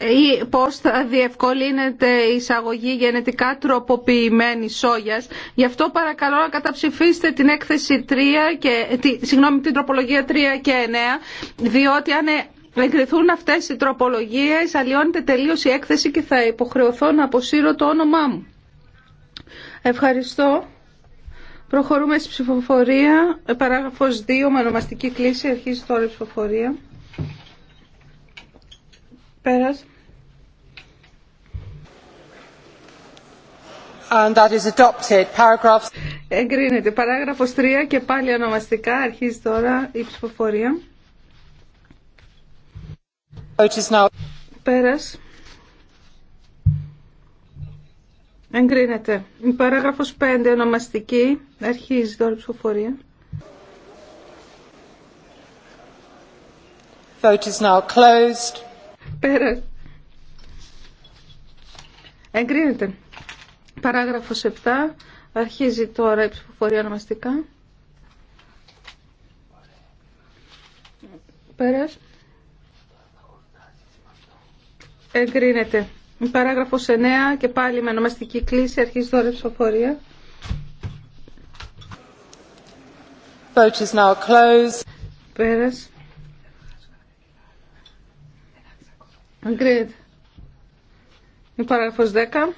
ή πώς θα διευκολύνεται η εισαγωγή γενετικά τροποποιημένης τροποποιημενη σογιας Γι' αυτό παρακαλώ να καταψηφίσετε την έκθεση 3 και, τη, συγγνώμη, την τροπολογία 3 και 9, διότι αν εγκριθούν αυτές οι τροπολογίες, αλλοιώνεται τελείως η έκθεση και θα υποχρεωθώ να αποσύρω το όνομά μου. Ευχαριστώ. Προχωρούμε στη ψηφοφορία. Ε, παράγραφος 2 με ονομαστική κλίση αρχίζει τώρα η ψηφοφορία. Πέρας. And that is adopted. Paragraphs... Εγκρίνεται. Παράγραφος 3 και πάλι ονομαστικά αρχίζει τώρα η ψηφοφορία. Πέρας. Εγκρίνεται. Η παράγραφος 5 ονομαστική αρχίζει τώρα η ψηφοφορία. Vote is now closed. Πέρα. Εγκρίνεται. Παράγραφος 7 αρχίζει τώρα η ψηφοφορία ονομαστικά. Πέρας. Εγκρίνεται. Παράγραφος 9 και πάλι με ονομαστική κλίση αρχίζει τώρα η ψηφοφορία. Vote Πέρας. Εγκρίνεται. Η παράγραφος 10.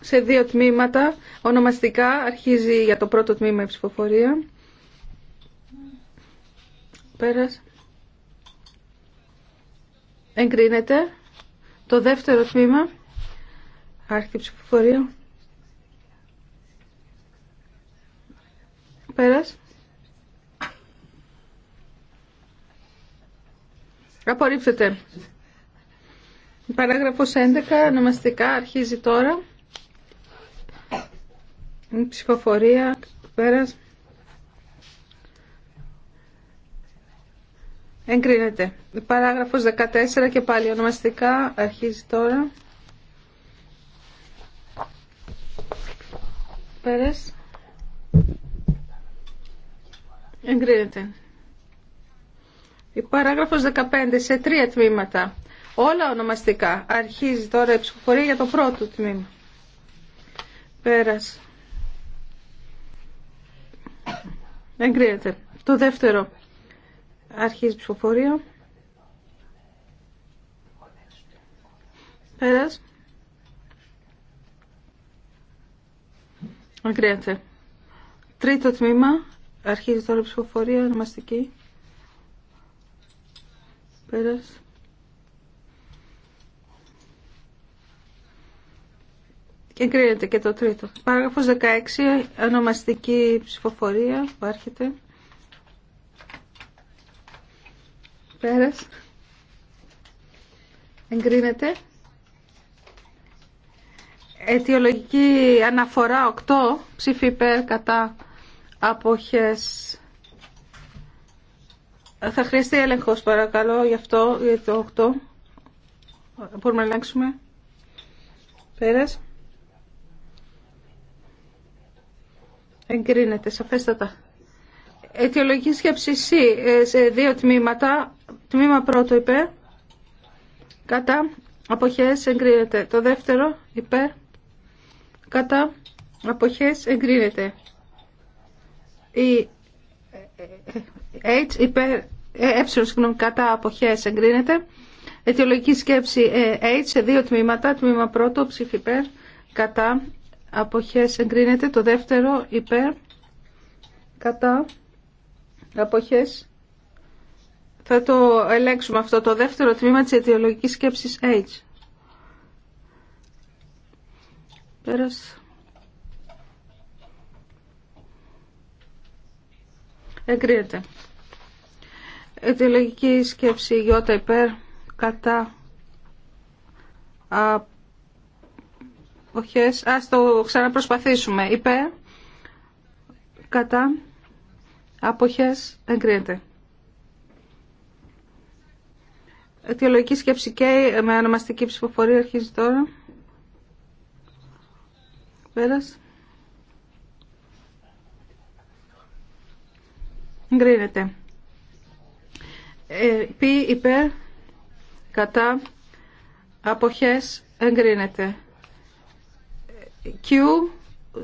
Σε δύο τμήματα, ονομαστικά, αρχίζει για το πρώτο τμήμα η ψηφοφορία. Πέρας. Εγκρίνεται. Το δεύτερο τμήμα, άρχιτη ψηφοφορία. Πέρας. Απορρίπτεται. παράγραφος 11, ονομαστικά, αρχίζει τώρα. Η ψηφοφορία, πέρας. Εγκρίνεται. Παράγραφος 14 και πάλι ονομαστικά αρχίζει τώρα. Πέρας. Εγκρίνεται. Η παράγραφος 15 σε τρία τμήματα. Όλα ονομαστικά. Αρχίζει τώρα η ψηφοφορία για το πρώτο τμήμα. Πέρας. Εγκρίνεται. Το δεύτερο. Αρχίζει ψηφοφορία. Πέρας. Εγκρίνεται. Τρίτο τμήμα. Αρχίζει τώρα ψηφοφορία. Ονομαστική. Πέρας. Και εγκρίνεται και το τρίτο. Παράγραφος 16. Ονομαστική ψηφοφορία. Άρχεται. Πέρας. Εγκρίνεται. Αιτιολογική αναφορά 8. Ψήφι υπέρ κατά αποχές. Θα χρειαστεί έλεγχος παρακαλώ γι' αυτό, για το 8. Μπορούμε να ελέγξουμε. Πέρας. Εγκρίνεται, σαφέστατα. Αιτιολογική σκέψη C ε, σε δύο τμήματα. Τμήμα πρώτο υπέρ. Κατά. Αποχές εγκρίνεται. Το δεύτερο υπέρ. Κατά. Αποχές εγκρίνεται. Η ε, ε, ε, H υπέρ ε, συγγνώμη, κατά αποχές εγκρίνεται. Αιτιολογική σκέψη H σε δύο τμήματα. Τμήμα πρώτο, ψήφι υπέρ, κατά αποχές εγκρίνεται. Το δεύτερο, υπέρ, κατά αποχές θα το ελέγξουμε αυτό το δεύτερο τμήμα της αιτιολογικής σκέψης H. Πέρασε. Εγκρίνεται. Αιτιολογική σκέψη Ι υπέρ κατά αποχές. Ας το ξαναπροσπαθήσουμε. Υπέρ κατά αποχές εγκρίνεται. Αιτιολογική σκέψη και με ονομαστική ψηφοφορία αρχίζει τώρα. Πέρας. Εγκρίνεται. Ε, πι υπέρ κατά αποχές εγκρίνεται. Q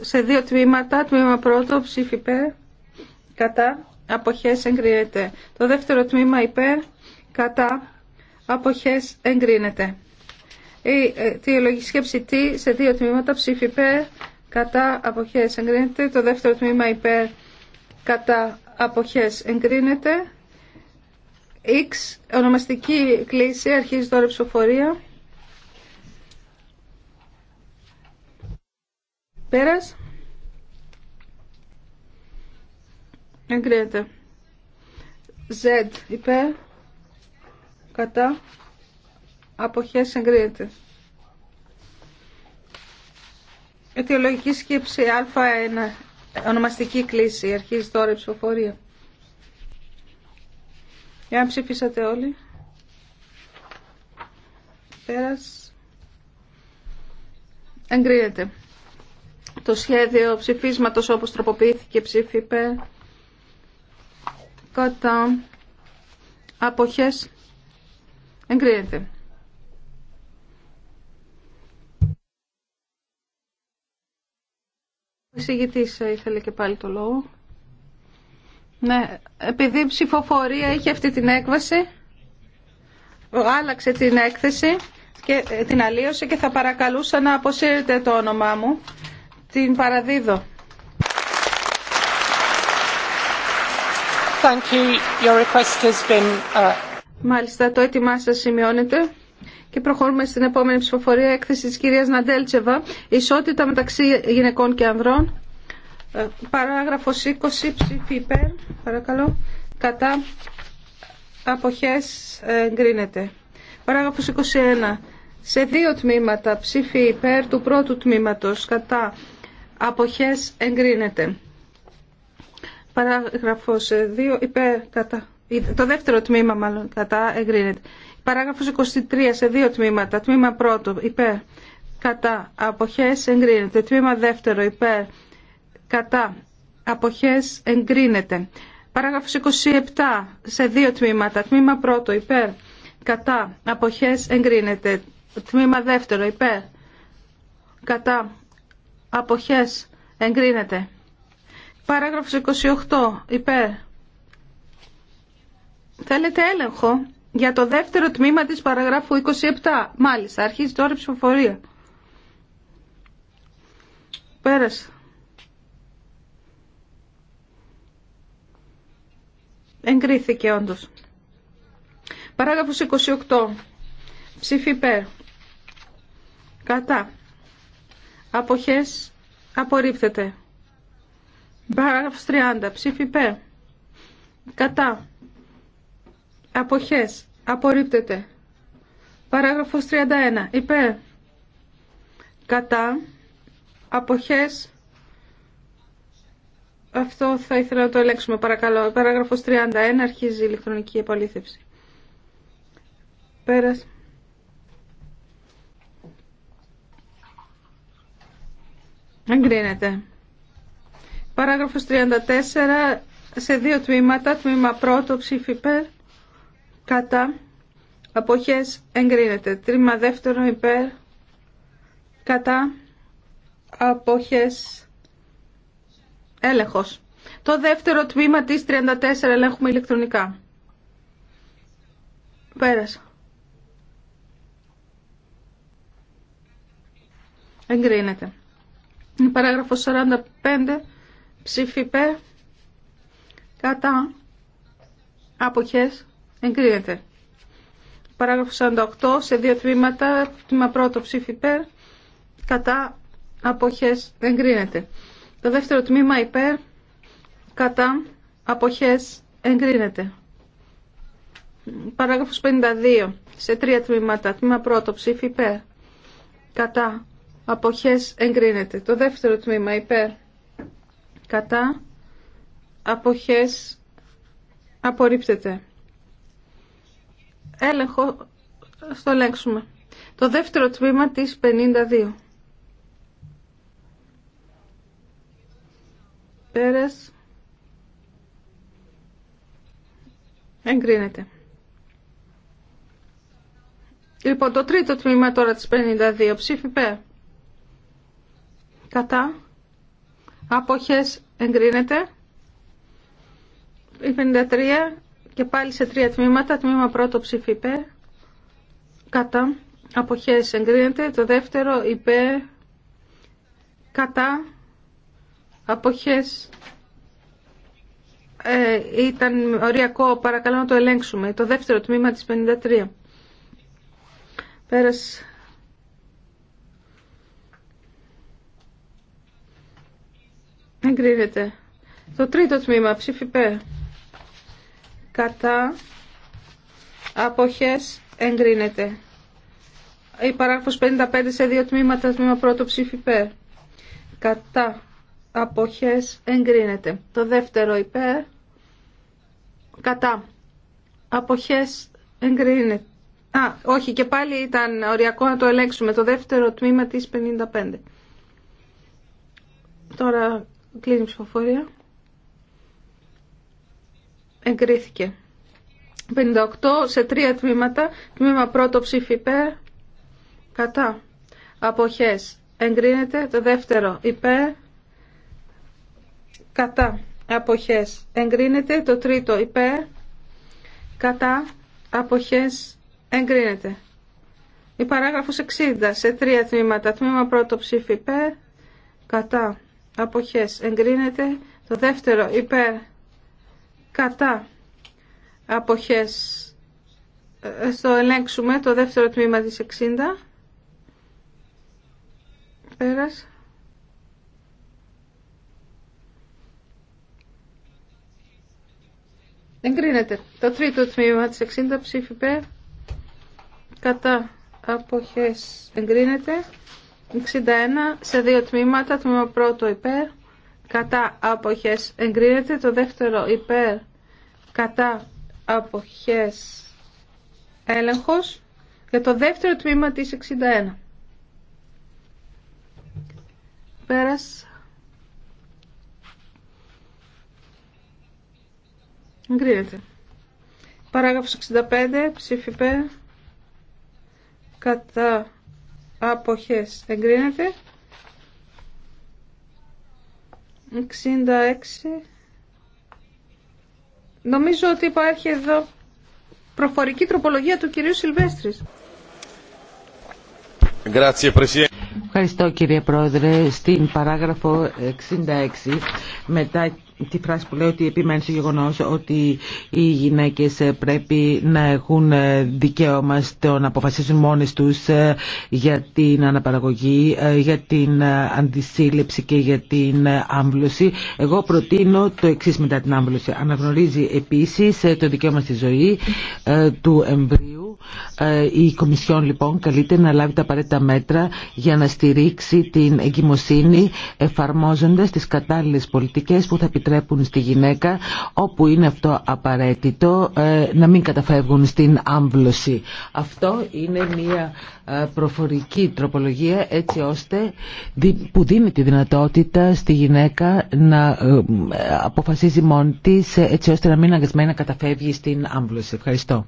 σε δύο τμήματα, τμήμα πρώτο ψήφι υπέρ κατά αποχές εγκρίνεται. Το δεύτερο τμήμα υπέρ κατά αποχές εγκρίνεται. Η ε, θεολογική σκέψη τι σε δύο τμήματα ψήφι υπέρ κατά αποχές εγκρίνεται. Το δεύτερο τμήμα υπέρ κατά αποχές εγκρίνεται. X, ονομαστική κλίση, αρχίζει τώρα η ψηφοφορία. Πέρας. Εγκρίνεται. Z υπέρ κατά αποχές εγκρίνεται. Αιτιολογική σκέψη Α1, ονομαστική κλίση, αρχίζει τώρα η ψηφοφορία. να ψηφίσατε όλοι. Πέρας. Εγκρίνεται. Το σχέδιο ψηφίσματος όπως τροποποιήθηκε ψήφιπε Κατά. Αποχές Εγκρίνεται. Ο εισηγητής ε, ήθελε και πάλι το λόγο. Ναι, επειδή η ψηφοφορία είχε αυτή την έκβαση, άλλαξε την έκθεση και ε, την αλλίωσε και θα παρακαλούσα να αποσύρετε το όνομά μου. Την παραδίδω. Thank you. Your request has been... Uh, Μάλιστα, το έτοιμά σας σημειώνεται. Και προχωρούμε στην επόμενη ψηφοφορία έκθεση της κυρίας Ναντέλτσεβα. Ισότητα μεταξύ γυναικών και ανδρών. Ε, παράγραφος 20 ψήφι υπέρ. Παρακαλώ. Κατά αποχές ε, εγκρίνεται. Παράγραφος 21. Σε δύο τμήματα ψήφι υπέρ του πρώτου τμήματος. Κατά αποχές εγκρίνεται. Παράγραφος 2 ε, υπέρ κατά το δεύτερο τμήμα μάλλον κατά εγκρίνεται. Παράγραφος 23 σε δύο τμήματα. Τμήμα πρώτο υπέρ κατά αποχές εγκρίνεται. Τμήμα δεύτερο υπέρ κατά αποχές εγκρίνεται. Παράγραφος 27 σε δύο τμήματα. Τμήμα πρώτο υπέρ κατά αποχές εγκρίνεται. Τμήμα δεύτερο υπέρ κατά αποχές εγκρίνεται. Παράγραφος 28 υπέρ Θέλετε έλεγχο για το δεύτερο τμήμα της παραγράφου 27. Μάλιστα, αρχίζει τώρα η ψηφοφορία. Πέρασε. Εγκρίθηκε όντως. Παράγραφος 28. Ψήφι Κατά. Αποχές. Απορρίπτεται. Παράγραφος 30. Ψήφι Κατά. Αποχές. Απορρίπτεται. Παράγραφος 31. Υπέρ. Κατά. Αποχές. Αυτό θα ήθελα να το ελέγξουμε παρακαλώ. Παράγραφος 31. Αρχίζει η ηλεκτρονική επαλήθευση. Πέρας. Εγκρίνεται. Παράγραφος 34. Σε δύο τμήματα. Τμήμα πρώτο ψήφι κατά αποχές εγκρίνεται. Τρίμα δεύτερο υπέρ κατά αποχές έλεγχος. Το δεύτερο τμήμα της 34 ελέγχουμε ηλεκτρονικά. Πέρασα. Εγκρίνεται. Η παράγραφος 45 ψήφι υπέρ κατά αποχές Εγκρίνεται. Παράγραφο 48 σε δύο τμήματα. Τμήμα πρώτο ψήφι υπέρ. Κατά αποχές εγκρίνεται. Το δεύτερο τμήμα υπέρ. Κατά αποχές εγκρίνεται. Παράγραφος 52 σε τρία τμήματα. Τμήμα πρώτο ψήφι υπέρ. Κατά αποχές εγκρίνεται. Το δεύτερο τμήμα υπέρ. Κατά αποχές απορρίπτεται έλεγχο στο ελέγξουμε. Το δεύτερο τμήμα της 52. Πέρας. Εγκρίνεται. Λοιπόν, το τρίτο τμήμα τώρα της 52. Ψήφι Π. Κατά. Αποχές εγκρίνεται. Η 53 και πάλι σε τρία τμήματα. Τμήμα πρώτο ψήφι υπέρ, κατά, αποχές εγκρίνεται. Το δεύτερο υπέρ, κατά, αποχές ε, ήταν οριακό, παρακαλώ να το ελέγξουμε. Το δεύτερο τμήμα της 53. Πέρας. Εγκρίνεται. Το τρίτο τμήμα, ψήφι κατά αποχές εγκρίνεται. Η παράγραφος 55 σε δύο τμήματα, τμήμα πρώτο ψήφι Κατά αποχές εγκρίνεται. Το δεύτερο υπέρ. Κατά αποχές εγκρίνεται. Α, όχι και πάλι ήταν οριακό να το ελέγξουμε. Το δεύτερο τμήμα της 55. Τώρα κλείνει η ψηφοφορία εγκρίθηκε. 58 σε τρία τμήματα, τμήμα πρώτο ψήφι υπέρ, κατά, αποχές, εγκρίνεται, το δεύτερο υπέρ, κατά, αποχές, εγκρίνεται, το τρίτο υπέρ, κατά, αποχές, εγκρίνεται. Η παράγραφος 60 σε τρία τμήματα, τμήμα πρώτο ψήφι υπέρ, κατά, αποχές, εγκρίνεται, το δεύτερο υπέρ, κατά αποχές στο ε, ελέγξουμε το δεύτερο τμήμα της 60 πέρας δεν το τρίτο τμήμα της 60 ψήφι πέ κατά αποχές εγκρίνεται 61 σε δύο τμήματα τμήμα πρώτο υπέρ κατά αποχές εγκρίνεται το δεύτερο υπέρ κατά αποχές έλεγχος για το δεύτερο τμήμα της 61 πέρας εγκρίνεται παράγραφος 65 ψήφι κατά αποχές εγκρίνεται 66. Νομίζω ότι υπάρχει εδώ προφορική τροπολογία του κυρίου Σιλβέστρης. Ευχαριστώ κύριε Πρόεδρε. Στην παράγραφο 66 μετά τη φράση που λέει ότι επιμένει στο γεγονό ότι οι γυναίκε ε, πρέπει να έχουν ε, δικαίωμα στο να αποφασίσουν μόνες του ε, για την αναπαραγωγή, για την αντισύλληψη και για την άμβλωση. Εγώ προτείνω το εξή μετά την άμβλωση. Αναγνωρίζει επίσης το δικαίωμα στη ζωή του εμβρίου. Η Κομισιόν λοιπόν καλείται να λάβει τα απαραίτητα μέτρα για να στηρίξει την εγκυμοσύνη εφαρμόζοντα τι κατάλληλε πολιτικέ. που θα επιτρέπουν στη γυναίκα όπου είναι αυτό απαραίτητο ε, να μην καταφεύγουν στην άμβλωση. Αυτό είναι μια ε, προφορική τροπολογία έτσι ώστε που δίνει τη δυνατότητα στη γυναίκα να ε, αποφασίζει μόνη της έτσι ώστε να μην αγκασμένη να καταφεύγει στην άμβλωση. Ευχαριστώ.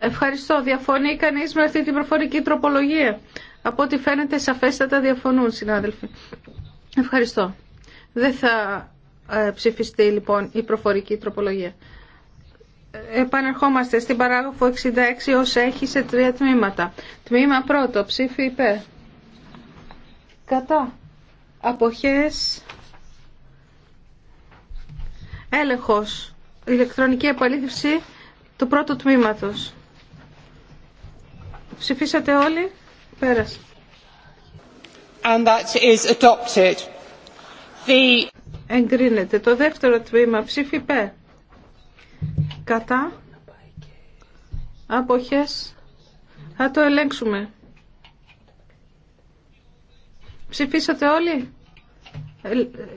Ευχαριστώ. Διαφωνεί κανεί με αυτή την προφορική τροπολογία. Από ό,τι φαίνεται σαφέστατα διαφωνούν, συνάδελφοι. Ευχαριστώ. Δεν θα ε, ψηφιστεί λοιπόν η προφορική τροπολογία. Επανερχόμαστε στην παράγραφο 66 ως έχει σε τρία τμήματα. Τμήμα πρώτο, ψήφι υπέρ. Κατά. Αποχές. Έλεγχος. Ηλεκτρονική επαλήθευση του πρώτου τμήματος. Ψηφίσατε όλοι. Πέρασε and that is adopted. The... Εγκρίνεται το δεύτερο τμήμα ψήφι Κατά. Αποχές. Θα το ελέγξουμε. Ψηφίσατε όλοι. Ε,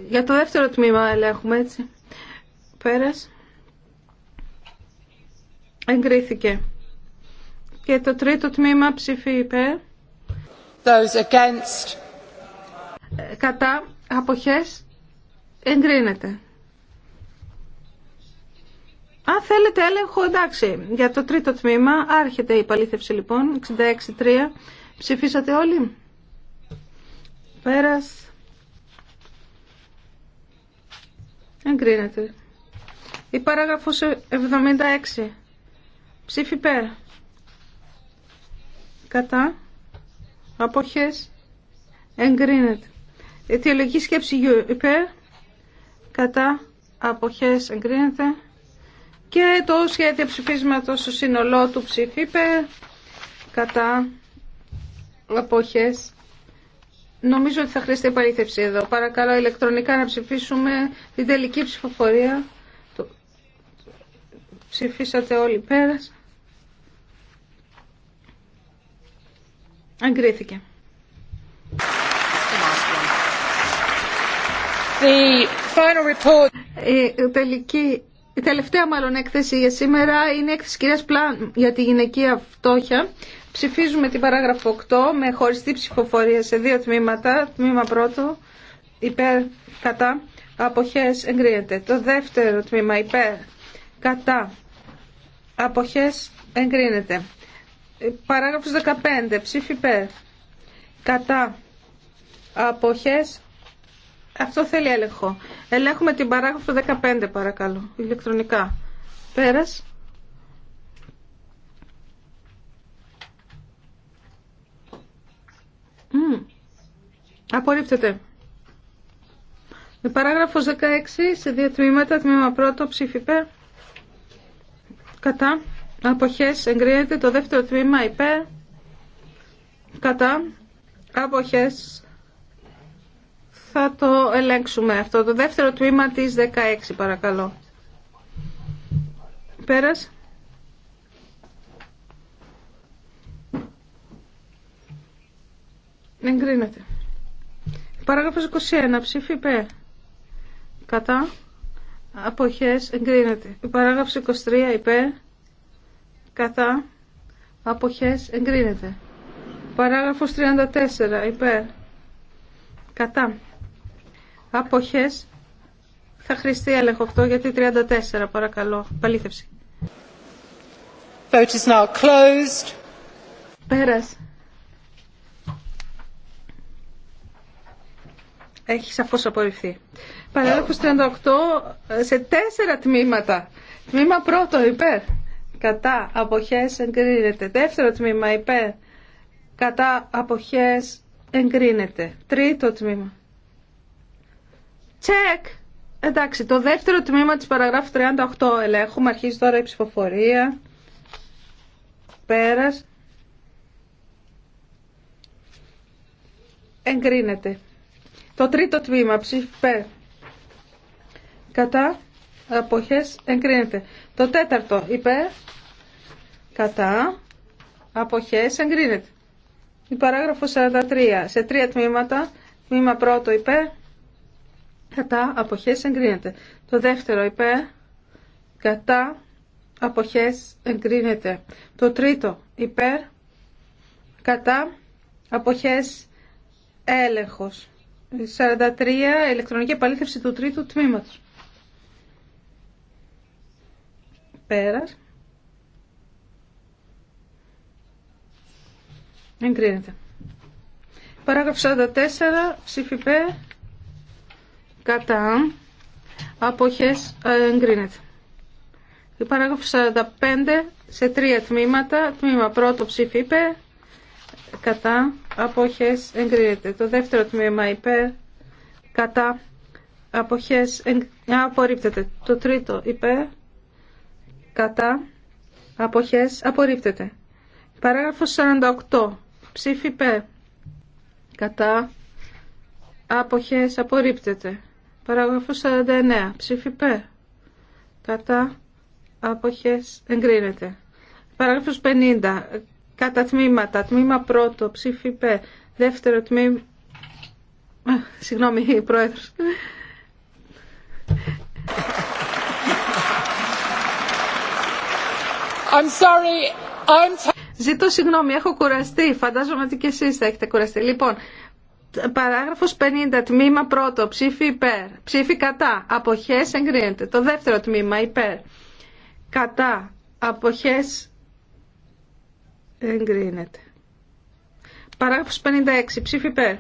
για το δεύτερο τμήμα ελέγχουμε έτσι. Πέρας. Εγκρίθηκε. Και το τρίτο τμήμα ψήφι Those against κατά αποχές εγκρίνεται. Αν θέλετε έλεγχο, εντάξει, για το τρίτο τμήμα άρχεται η παλήθευση λοιπόν, 66-3. Ψηφίσατε όλοι. Πέρας. Εγκρίνεται. Η παράγραφος 76. Ψήφι πέρα. Κατά. Αποχές. Εγκρίνεται. Αιτιολογική σκέψη υπέρ, κατά, αποχές εγκρίνεται. Και το σχέδιο ψηφίσματος στο σύνολό του ψηφίπε κατά, αποχές. Νομίζω ότι θα χρειαστεί επαλήθευση εδώ. Παρακαλώ ηλεκτρονικά να ψηφίσουμε την τελική ψηφοφορία. Ψηφίσατε όλοι πέρας. Αγκρίθηκε. Η, τελευταία μάλλον έκθεση για σήμερα είναι η έκθεση κυρίας Πλάν για τη γυναικεία φτώχεια. Ψηφίζουμε την παράγραφο 8 με χωριστή ψηφοφορία σε δύο τμήματα. Τμήμα πρώτο υπέρ κατά αποχές εγκρίνεται. Το δεύτερο τμήμα υπέρ κατά αποχές εγκρίνεται. Παράγραφος 15 ψήφι υπέρ κατά αποχές αυτό θέλει έλεγχο. Ελέγχουμε την παράγραφο 15 παρακαλώ, ηλεκτρονικά. Πέρας. Mm. Απορρίπτεται. Η παράγραφος 16 σε δύο τμήματα, τμήμα πρώτο ψήφι κατά, αποχές εγκρίνεται, το δεύτερο τμήμα υπέρ, κατά, αποχές θα το ελέγξουμε αυτό. Το δεύτερο τμήμα της 16 παρακαλώ. Πέρας. Εγκρίνεται. Παράγραφος 21. Ψήφι υπέρ. Κατά. Αποχές. Εγκρίνεται. Παράγραφος 23. Υπέρ. Κατά. Αποχές. Εγκρίνεται. Παράγραφος 34. Υπέρ. Κατά. Αποχές. Θα χρηστεί έλεγχο αυτό γιατί 34 παρακαλώ. Παλήθευση. Vote is now closed. Πέρας. Έχει σαφώ απορριφθεί. Παράγραφος 38 σε τέσσερα τμήματα. Τμήμα πρώτο υπέρ. Κατά αποχές εγκρίνεται. Δεύτερο τμήμα υπέρ. Κατά αποχές εγκρίνεται. Τρίτο τμήμα Τσεκ! Εντάξει, το δεύτερο τμήμα της παραγράφου 38 ελέγχουμε. Αρχίζει τώρα η ψηφοφορία. Πέρας. Εγκρίνεται. Το τρίτο τμήμα ψηφιπέ. Κατά. Αποχές. Εγκρίνεται. Το τέταρτο υπέρ. Κατά. Αποχές. Εγκρίνεται. Η παράγραφο 43. Σε τρία τμήματα. Τμήμα πρώτο υπέρ κατά αποχές εγκρίνεται. Το δεύτερο υπέρ κατά αποχές εγκρίνεται. Το τρίτο υπέρ κατά αποχές έλεγχος. 43 ηλεκτρονική επαλήθευση του τρίτου τμήματος. πέρα. Εγκρίνεται. Παράγραφο 44, ψήφι κατά αποχές ε, εγκρίνεται. Η παράγραφος 45 σε τρία τμήματα, τμήμα πρώτο ψήφι κατά αποχές εγκρίνεται. Το δεύτερο τμήμα υπέρ, κατά αποχές Το τρίτο υπέρ, κατά αποχές απορρίπτεται. Παράγραφος 48 ψήφι κατά αποχές απορρίπτεται. Παράγραφος 49. Ψήφι Π. Κατά αποχές εγκρίνεται. Παράγραφος 50. Κατά τμήματα. Τμήμα πρώτο. Ψήφι Π. Δεύτερο τμήμα. Συγγνώμη, πρόεδρο. I'm sorry. I'm... Ζητώ συγγνώμη, έχω κουραστεί. Φαντάζομαι ότι και εσείς θα έχετε κουραστεί. Λοιπόν, Παράγραφος 50, τμήμα πρώτο, ψήφι υπέρ, ψήφι κατά, αποχές εγκρίνεται. Το δεύτερο τμήμα υπέρ, κατά, αποχές εγκρίνεται. Παράγραφος 56, ψήφι υπέρ,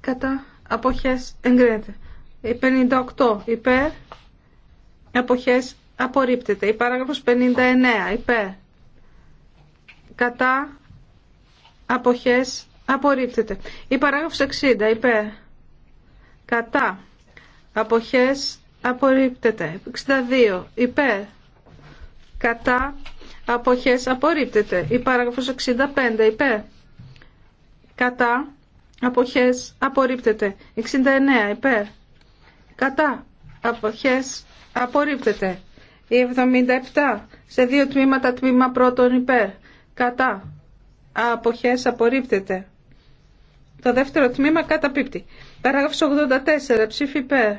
κατά, αποχές εγκρίνεται. 58 υπέρ, αποχές απορρίπτεται. Η παράγραφος 59 υπέρ, κατά, αποχές απορρίπτεται. Η παράγραφος 60 είπε. κατά αποχές απορρίπτεται. 62 είπε. κατά αποχές απορρίπτεται. Η παράγραφος 65 είπε. κατά αποχές απορρίπτεται. 69 είπε. κατά αποχές απορρίπτεται. Η 77 σε δύο τμήματα τμήμα πρώτον υπέρ κατά αποχές απορρίπτεται. Το δεύτερο τμήμα καταπίπτει. Παράγραφος 84. Ψήφι υπέρ.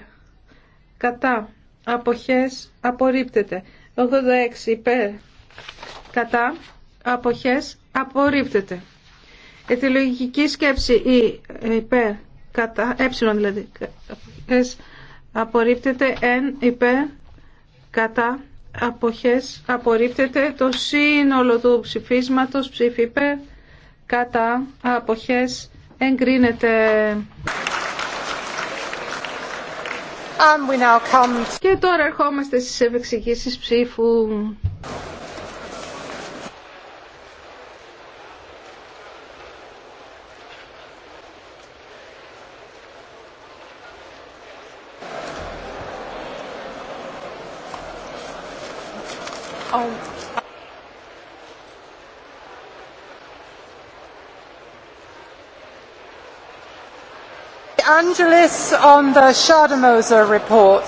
Κατά. Αποχές απορρίπτεται. 86. Υπέρ. Κατά. Αποχές απορρίπτεται. Ετυλογική σκέψη ή υπέρ. Κατά. Έψιλον ε, δηλαδή. απορρίπτεται. Εν υπέρ. Κατά αποχές απορρίπτεται το σύνολο του ψηφίσματος ψήφιπε κατά αποχές εγκρίνεται. we now come... Και τώρα ερχόμαστε στις ευεξηγήσεις ψήφου. Angelis on the Schademoser report.